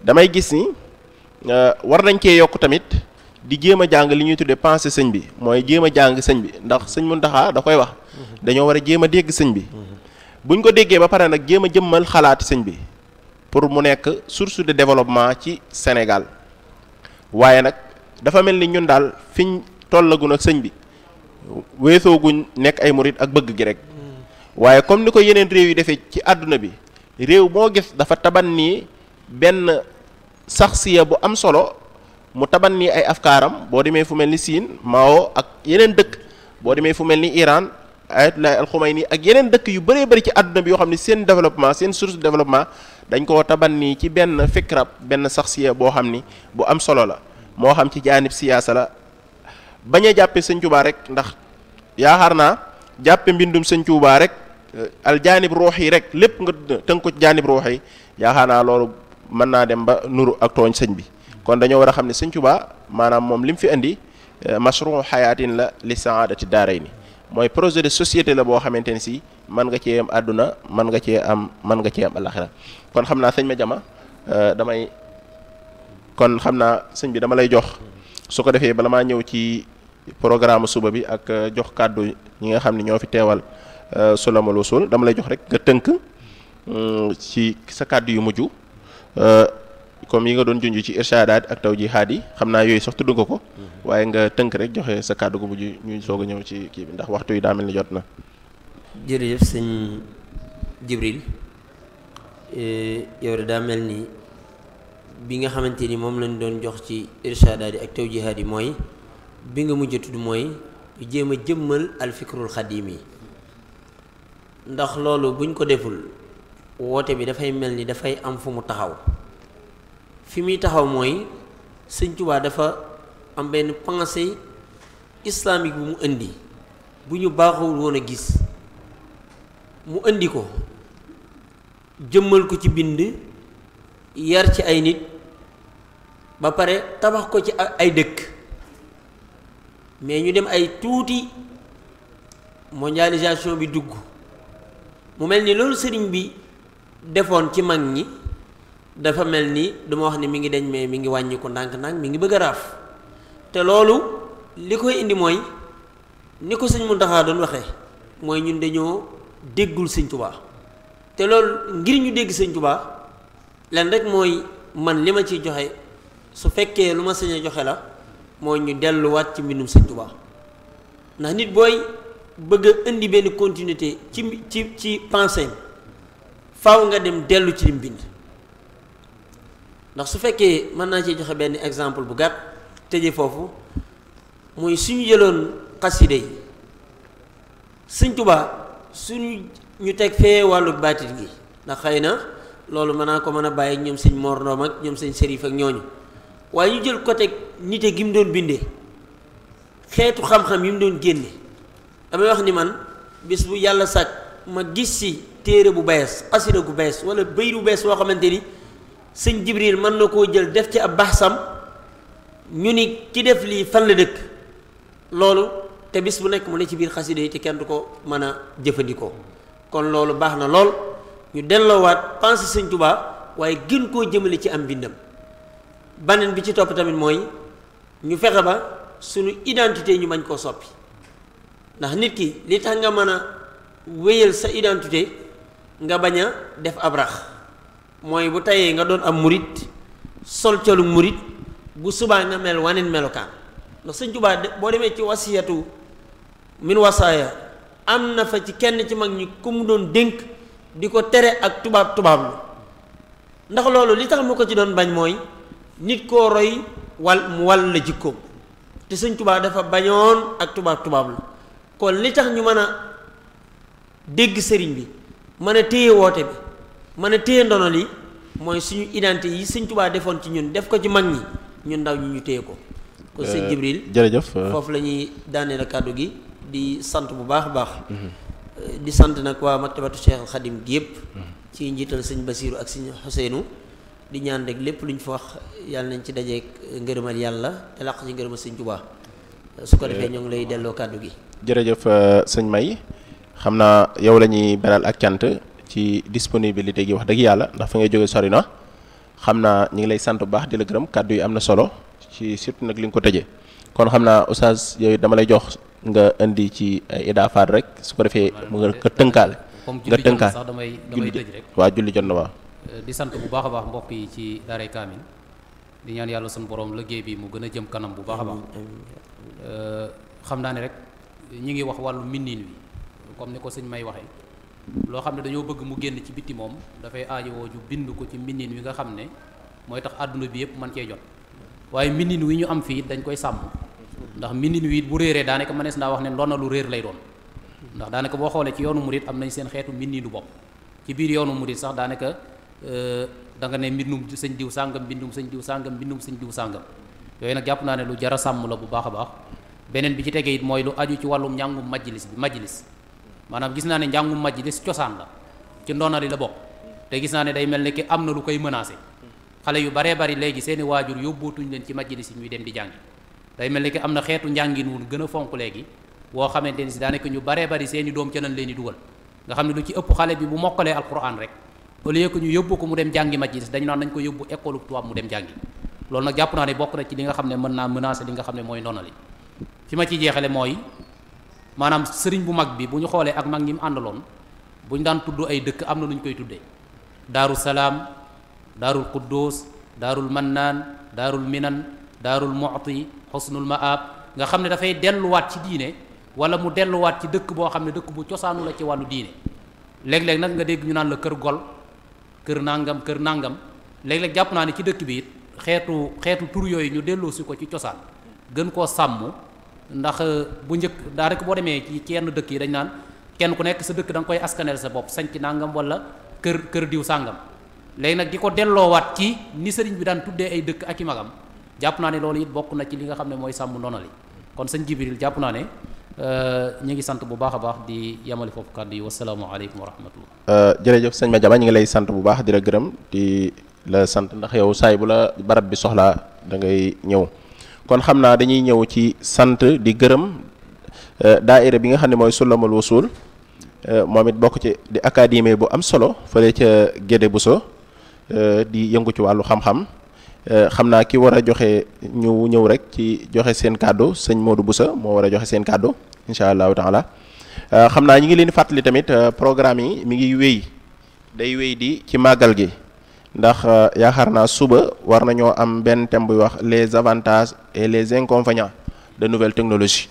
damay gis ni euh, war nañ cee yokk tamit di jéem a jàng li ñuy tuddee pensé sëñ bi mooy jéem a jàng sëñ bi ndax sëñ Muntaxa da koy wax dañoo war a jéem a dégg sëñ bi buñ ko déggee ba pare nag jéem a jëmmal xalaati sëñ bi pour mu nekk source de développement ci Sénégal waaye nag dafa mel ni ñun daal fiñ tollagun ak sëñ bi weesooguñ nekk ay murit ak bëgg gi rek waaye comme ni ko yeneen réew yi defee ci àdduna bi réew moo gis dafa taban nii benn saxsiya bu am solo mu taban nii ay afkaaram boo demee fu mel ni Siin Mao ak yeneen dëkk boo demee fu mel ni Iran Ayatollah Al Khomeini ak yeneen dëkk yu bëree bëri ci àdduna bi yoo xam ne seen développement seen source de dañ koo taban nii ci benn fikrab benn saxsiya boo xam ni bu am solo la moo xam ci jaanib siyaasa la bañ a jàppe sëñ Tuubaa rek ndax yaakaar naa jàppee mbindum sëñ Tuubaa rek eh, al jaanib ruux yi rek lépp nga tënk ko ci jaanib ruux yi yaakaar naa loolu mën naa dem ba nuru ak tooñ sëñ bi kon dañoo war a xam ne sëñ Tuubaa maanaam moom li mu fi indi eh, mashruu xayaatin la li saadati daarayni mooy projet de société la boo xamante ne si man nga cee am àdduna man nga cee am man nga cee am alaxira kon xam naa sëñ ma jama eh, damay kon xam naa sëñ bi dama lay jox su ko defee bala maa ñëw ci programme suba bi ak eh, jox kàddu ñi nga xam ne ñoo fi teewal Sulamul Usul dama lay jox rek nga tënk mm, ci sa kàddu yu mujj comme yi nga doon junj ci irshadaat ak tawjihaat yi xam naa yooyu sax tudd nga ko mhm. waaye nga tënk rek joxe sa kàddu gu mujj ñuy soog a ñëw ci kii bi ndax waxtu yi daa mel ni na. jërëjëf sëñ Jibril e, yow daa mel ni bi nga xamante ni moom lañ doon jox ci irshadaat yi ak tawjihaat yi mooy bi nga mujj tudd mooy ñu jéem a jëmmal alfikrul xadim yi ndax loolu buñ ko deful woote bi dafay mel ni dafay am fu mu taxaw. fi muy taxaw mooy sëñ dafa am benn pensée islamique bu mu indi bu ñu baaxul woon a gis mu indi ko jëmmal ko ci bind yar ci ay nit ba pare tabax ko ci ay dëkk mais ñu dem ay tuuti mondialisation bi dugg mu mel ni loolu sëriñ bi defoon ci mag ñi dafa mel ni du wax ni mi ngi deñ mais mi ngi wàññiku ndànk-ndànk mi ngi bëgg a raaf te loolu li koy indi mooy ni ko sëñ Muntaxa doon waxee mooy ñun dañoo déggul sëñ Tubaa te loolu ngir ñu dégg sëñ Tubaa lan rek mooy man li ma ci joxe su fekkee lu ma sëñ joxe la mooy ñu delluwaat ci mbindum sëñ Tubaa ndax nit booy bëgg indi benn continuité ci ci ci pensée faaw nga dem dellu ci lim bind ndax su fekkee mën naa ci joxe benn exemple bu gàtt tëje foofu muy suñu jëloon xaside yi Sëñ Tuubaa suñu ñu teg fee wàllu baatit gi ndax xëy na loolu mën naa ko mën a bàyyi ñoom sëñ Mor Ndom ak ñoom sëñ Serif ak ñooñu waaye ñu jël côté nite gi mu doon bindee xeetu xam-xam yi mu doon génne damay wax ni man bis bu yàlla sàkk ma gis si téere bu bees xasida gu bees wala bëy bu bees boo xamante ni sëñ Jibril mën na koo jël def ci ab baxsam ñu ni ki def lii fan la dëkk loolu te bis bu nekk mu ne ci biir xasida yi te kenn du ko mën a jëfandikoo kon loolu baax na lool ñu delloowaat pensé sëñ Tuubaa waaye gën koo jëmale ci am mbindam beneen bi ci topp tamit mooy ñu fexe ba suñu identité ñu mañ koo soppi ndax nit ki li tax nga mën a wéyal sa identité nga bañ a def ab rax mooy bu tayee nga doon am murit sol colu murit bu subaa nga mel waneen melokaan ndax sëñ Tuubaa boo demee ci wasiyatu min wasaaya am na fa ci kenn ci mag ñi ku mu doon dénk di ko tere ak tubaab tubaab lu ndax loolu li tax mu ko ci doon bañ mooy nit koo roy wal mu wal la jikkoom te sëñ Tuubaa dafa bañoon ak tubaab tubaab lu kon li tax ñu mën a dégg sëriñ bi mën a téye woote bi mën a téye ndono li mooy suñu identité yi sëñ Tuubaa defoon ci ñun def ko ci mag ñi ñu ndaw ñu ñu téye ko kon euh, sëñ Jibril jërëjëf euh. foofu la ñuy daaneel a kàddu gi di sant bu baax a baax mm-hmm. euh, di sant nag waa maktabatu Cheikh Xadim gi yëpp mm-hmm. ci njiital sëñ Basiiru ak sëñ Xuseynu di ñaan rek lépp lu ñu fa wax yàlla nañ ci dajeek ngërëmal yàlla te làq ci ngërëmal sëñ Tuubaa su ko defee ñoo ngi lay delloo kàddu gi jërëjëf sëñ May xam naa yow la ñuy beral ak cant ci disponibilité gi wax dëgg yàlla ndax fa ngay jóge sori na xam naa ñu ngi lay sant bu baax di la gërëm kàddu yi am na solo ci surtout nag li nga ko tëjee kon xam naa oustaz yooyu dama lay jox nga indi ci eh, ay rek su ko defee mu nga tënkaale nga tënkaale sax damay damay tëj rek waa julli jot na waaw euh, di sant bu baax a baax mbokk yi ci daaray kaamin yàlla suñu borom liggéey bi mu gën a jëm kanam bu baax a baax euh, xam naa ne rek ñi ngi wax wàllu minniin wi comme ni ko sëñ may waxee loo xam ne dañoo bëgg mu génn ci biti moom dafay aajowoo ju bind ko ci mbindin wi nga xam ne mooy tax àdduna bi yëpp man cee jot waaye mbindin wi ñu am fii dañ koy sàmm ndax mbindin wi bu réeree daanaka mënees naa wax ne ndona lu réer lay doon ndax daanaka boo xoolee ci yoonu murit am nañ seen xeetu mbindinu bopp ci biir yoonu murit sax daanaka euh, da nga ne mbindum sëñ diw sàngam mbindum sañ diw sàngam mbindum sëñ diw sàngam yooyu nag jàpp naa ne lu jara sàmm la bu baax a baax beneen bi ci tegee it mooy lu aju ci wàllum njàngum majlis bi majlis maanaam gis naa ne njàngum majj de si cosaan la ci ndoona li la bokk te gis naa ne day mel ne ki am na lu koy menacé xale yu baree bari léegi seeni waajur yóbbootuñ leen ci majj di si ñuy dem di jàngi day mel ne ki am na xeetu njàngin wu gën a léegi woo xamante ni si ñu baree bari seeni doom ca lañ leen di dugal nga xam ne lu ci ëpp xale bi bu mokkalee alquran rek au lieu que ñu mu dem jàngi majj si dañu naan nañ ko yóbbu école tubaab mu dem jàngi loolu nag jàpp naa ne bokk na ci li nga xam ne mën naa menacé li nga xam ne mooy ndoona fi ma ci jeexale mooy maanaam sëriñ bu mag bi bu ñu xoolee ak mag ñi mu àndaloon bu ñu daan tudd ay dëkk am na lu ñu koy tuddee daaru salaam daarul quddus daarul mannaan daarul minan daarul mu'ti xusnul maab nga xam ne dafay delluwaat ci diine wala mu delluwaat ci dëkk boo xam ne dëkk bu cosaanu la ci wàllu diine léeg-léeg nag nga dégg ñu naan la kër gol kër nangam kër nangam léeg-léeg jàpp naa ne ci dëkk bi xeetu xeetu tur yooyu ñu delloosi ko ci cosaan gën koo sàmm ndax euh, bu njëkk daa rek boo demee ci ci yenn dëkk yi dañ naan kenn ku nekk sa dëkk da koy askaneel sa bopp sañc nangam wala kër kër diw sàngam léegi nag di ko delloowaat ci ni sëriñ bi daan tuddee ay dëkk ak i magam jàpp naa ne loolu it bokk na ci li nga xam ne mooy sàmm ndonali kon sëñ Jibril jàpp naa ne euh, ñu ngi sant bu baax a baax di yamali foofu kàddu yi wasalaamaaleykum wa rahmatullah euh, jërëjëf sëñ ma ñu ngi lay sant bu baax di la gërëm di sant ndax yow saay bu la barab bi soxlaa da ngay ñëw kon xam naa dañuy ñëw ci sant di gërëm daa euh, daaira bi nga xam ne mooy sulamul wusul euh, moom it bokk ci di académie bu am solo fële ca Guédé Bousso euh, di yëngu ci wàllu xam-xam xam naa ki war a joxe ñu ñëw rek ci joxe seen kàddu sëñ Modou Bousso moo war a joxe seen kàddu incha allahu taala xam naa ñi ngi leen fàttali tamit programme yi mi ngi wéy day wéy di ci màggal gi ndax euh, yaakaar naa suba war nañoo am benn thème buy wax les avantages et les inconvénients de nouvelles technologies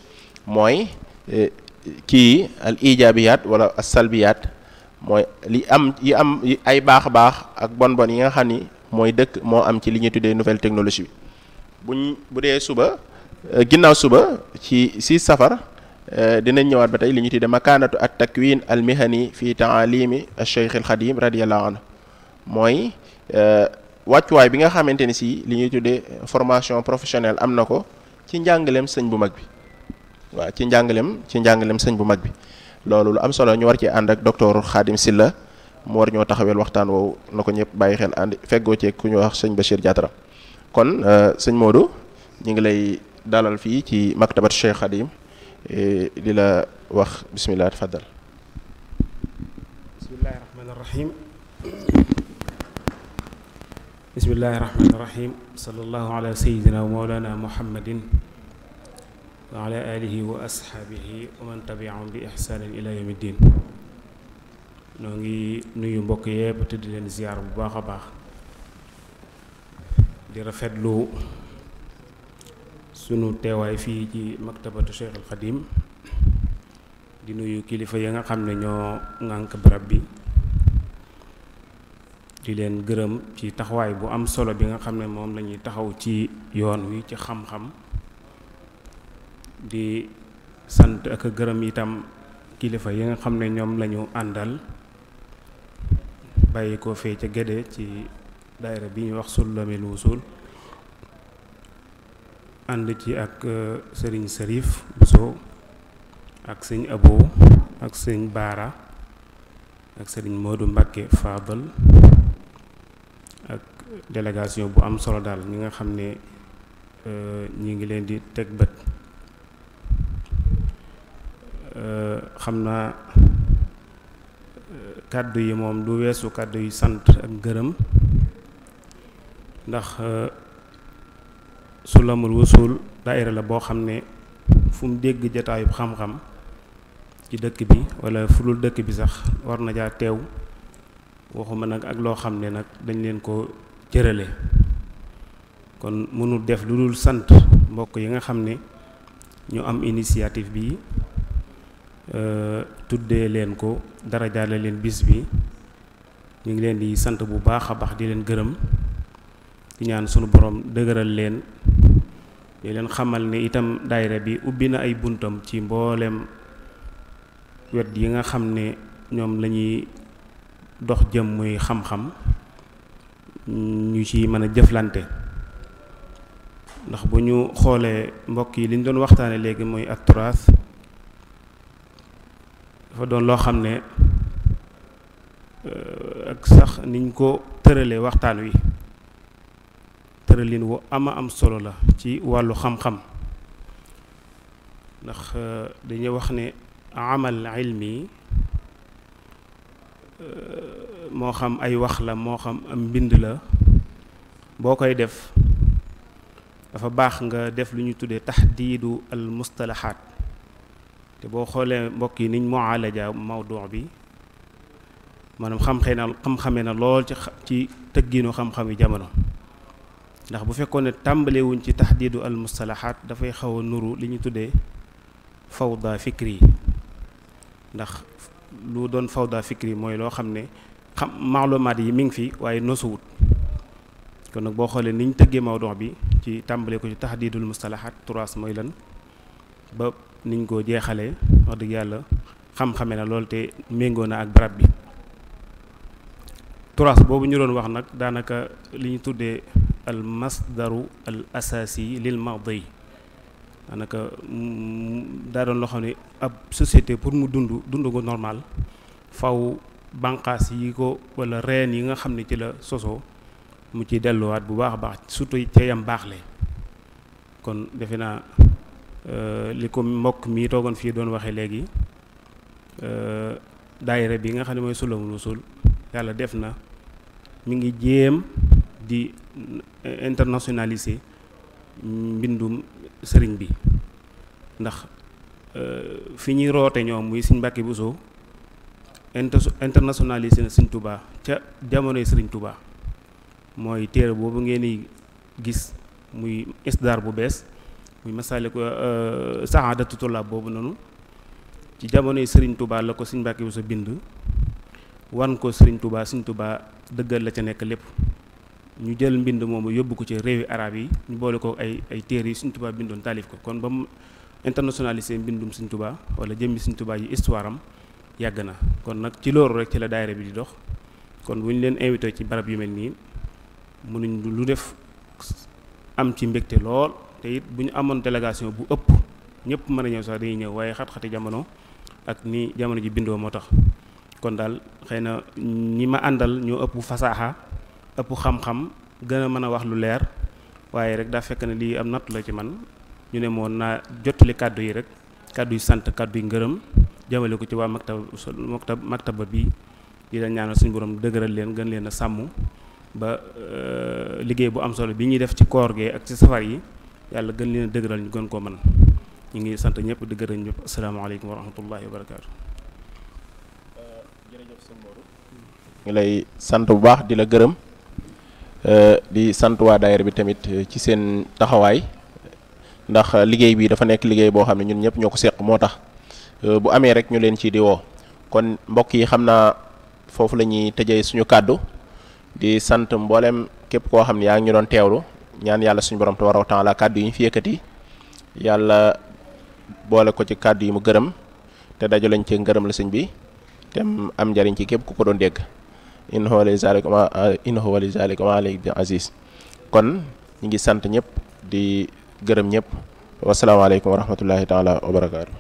mooy euh, kii al ijaabiyaat wala salbiyaat mooy li am yi am ay baax baax ak bon bon yi nga xam ni mooy dëkk moo am ci li ñuy tuddee nouvelle technologie bi buñ bu dee suba euh, ginnaaw suba ci si safar dinañ ñëwaat ba tey li ñuy tuddee makaanatu at takwin al mihani fi taalimi al cheikh al xadim radiallahu anhu mooy Euh, wàccuwaay bi nga xamante ni si li ñuy tuddee formation professionnelle am na ko ci njàngaleem sëñ bu mag bi waaw ci njàngaleem ci njàngaleem sëñ bu mag bi loolu lu am solo ñu war ci ànd ak docteur Khadim Silla mu war ñoo taxawel waxtaan woow na ko ñëpp bàyyi xel ànd feggoo ci ku ñu wax sëñ Bachir Diatra kon euh, sëñ Modou ñu ngi lay dalal fii ci maktabat Cheikh Khadim e, di la wax bisimilah tafaddal bismillahi rahmaani rahim bismillahi rahmaani rahim sallallahu ala sayidina wa mawlana muhammadin wa ala alihi wa ashaabihi wa man bi ihsaanin ila yawmi ddin noo ngi nuyu mbokk yépp te di leen ziyaar bu baax a baax di rafetlu sunu teewaay fii ci maktabatu Cheikh al Xadim di nuyu kilifa yi nga xam ne ñoo ŋànk barab bi di leen gërëm ci taxawaay bu am solo bi nga xam ne moom lañuy taxaw ci yoon wi ci xam-xam di sant ak gërëm itam kilifa yi nga xam ne ñoom lañu àndal bàyyi ko fee ca Gédé ci daayira bi ñuy wax Sullamil Wusul ànd ci ak euh, sëriñ Sërif Bousso ak sëñ Abo ak sëñ Baara ak sëriñ Modou Mbacké Fabal ak délégation bu am solo daal ñi nga xam ne euh, ñi ngi leen di teg bët euh, xam naa euh, kàddu yi moom du weesu kàddu yi sant ak gërëm ndax sulamul wusul daayira la boo xam ne fu mu dégg jataayub xam-xam ci dëkk bi wala fu dul dëkk bi sax war na jaa teew waxuma nag ak loo xam ne nag dañ leen ko cërale kon mënul def lu dul sant mbokk yi nga xam ne ñu am initiative bi euh, tuddee leen ko dara jaale leen bis bi ñu ngi leen di sant bu baax a baax di leen gërëm fi ñaan sunu borom dëgëral leen di leen xamal ne itam daayira bi ubbi na ay buntam ci mbooleem wet yi nga xam ne ñoom lañuy dox jëm muy xam-xam ñu ci mën a jëflante ndax bu ñu xoolee mbokk yi li ñu doon waxtaane léegi mooy ak turaas dafa doon loo xam ne euh, ak sax niñ ko tëralee waxtaan wi tëralin wu ama am solo la ci wàllu xam-xam ndax euh, dañuy wax ne amal ilmi moo xam ay wax la moo xam mbind la boo koy def dafa baax nga def lu ñu tuddee tahdiidu al mustalahaat te boo xoolee mbokk yi niñ muaalaja mawduu bi maanaam xam-xee na xam-xamee na lool ci ci tëggiinu xam-xam jamono ndax bu fekkoon ne tàmbalewuñ ci tahdiidu al mustalahaat dafay xaw a nuru li ñu tuddee fawda fikri yi ndax lu doon fawda fikri mooy loo xam ne xam maalumaat yi mi ngi fi waaye nosuwut kon nag boo xoolee ni tëggee mawduu bi ci tàmbale ko ci taxdiidul mustalahaat turaas mooy lan ba niñ ko jeexalee wax dëgg yàlla xam-xame na loolu te méngoo na ak barab bi turaas boobu ñu doon wax nag daanaka li ñu tuddee al masdaru al asaasi lil madi daanaka mm, daa doon loo xam ne ab société pour mu dund dund ko normal faw bànqaas yi ko wala reen yi nga xam ne ci la sosoo mu ci delluwaat bu baax a baax surtout ca yam baax le kon defe naa euh, li ko mbokk mii toogoon fii doon waxee léegi euh, dayre bi nga xam ne mooy Sullamul Usul yàlla def na mu ngi jéem di euh, internationaliser mbindum sëriñ bi ndax euh, fi ñuy roote ñoo muy Sëriñ Mbàkke Bousso inter internationalisé na Sëriñ Touba ca jamonoy Sëriñ Touba mooy téere boobu ngeen di gis muy isdaar bu bees muy masale euh, ko saxaadatu tullaab boobu noonu ci jamonoy Sëriñ Touba la ko Sëriñ Mbàkke sa bind wan ko Sëriñ Touba Sëriñ Touba dëggal la ca nekk lépp. ñu jël mbind moomu yóbbu ko ci réewi arab yi ñu boole ko ay ay téere yi Sëriñ Tuubaa bindoon taalif ko kon ba mu internationalisé mbindum Sëriñ tubaa wala jëmmi Sëriñ tubaa yi histoire yàgg na kon nag ci loolu rek ci la daayira bi di dox kon bu ñu leen invité ci barab yu mel nii mënuñ lu def am ci mbégte lool te it bu ñu amoon délégation bu ëpp ñëpp mën a ñëw sax dañuy ñëw waaye xat-xati jamono ak ni jamono ji bindoo moo tax kon daal xëy na ñi ma àndal ñoo ëpp fasaaxa ëpp xam-xam gën a mën a wax lu leer waaye rek daa fekk ne lii am natt la ci man ñu ne moon naa jottali kàddu yi rek kàddu yu sant kàddu yu ngërëm jëmale ko ci waa maktab maktab maktaba bi di la ñaanal suñu borom dëgëral leen gën leen a sàmm ba euh, liggéey bu am solo bi ñuy def ci koor gee ak ci safar yi yàlla gën leen a dëgëral ñu gën koo mën ñu ngi sant ñëpp di gërëm ñëpp asalaamaaleykum wa rahmatullahi wa barakaatu. ñu lay sant bu baax di la gërëm. Euh, di sant waa daayira bi tamit euh, ci seen taxawaay ndax liggéey bii dafa nekk liggéey boo xam ne ñun ñëpp ñoo ko seq moo tax euh, bu amee rek ñu leen ci di woo kon mbokk yi xam naa foofu la ñuy tëjee suñu kàddu di sant mboolem képp koo xam ne yaa ngi ñu doon teewlu ñaan yàlla suñu borom tabaaraka wa taala kàddu yi ñu fi yëkkati yàlla boole ko ci kàddu yi mu gërëm te dajalañ ci ngërëm la sëñ bi tem am njariñ ci képp ku ko doon dégg. in huwa li zalika ma in huwa bi aziz kon ñi ngi sant ñëpp di gërëm ñëpp wasalaamaaleykum wa rahmatullahi taala wa barakaatu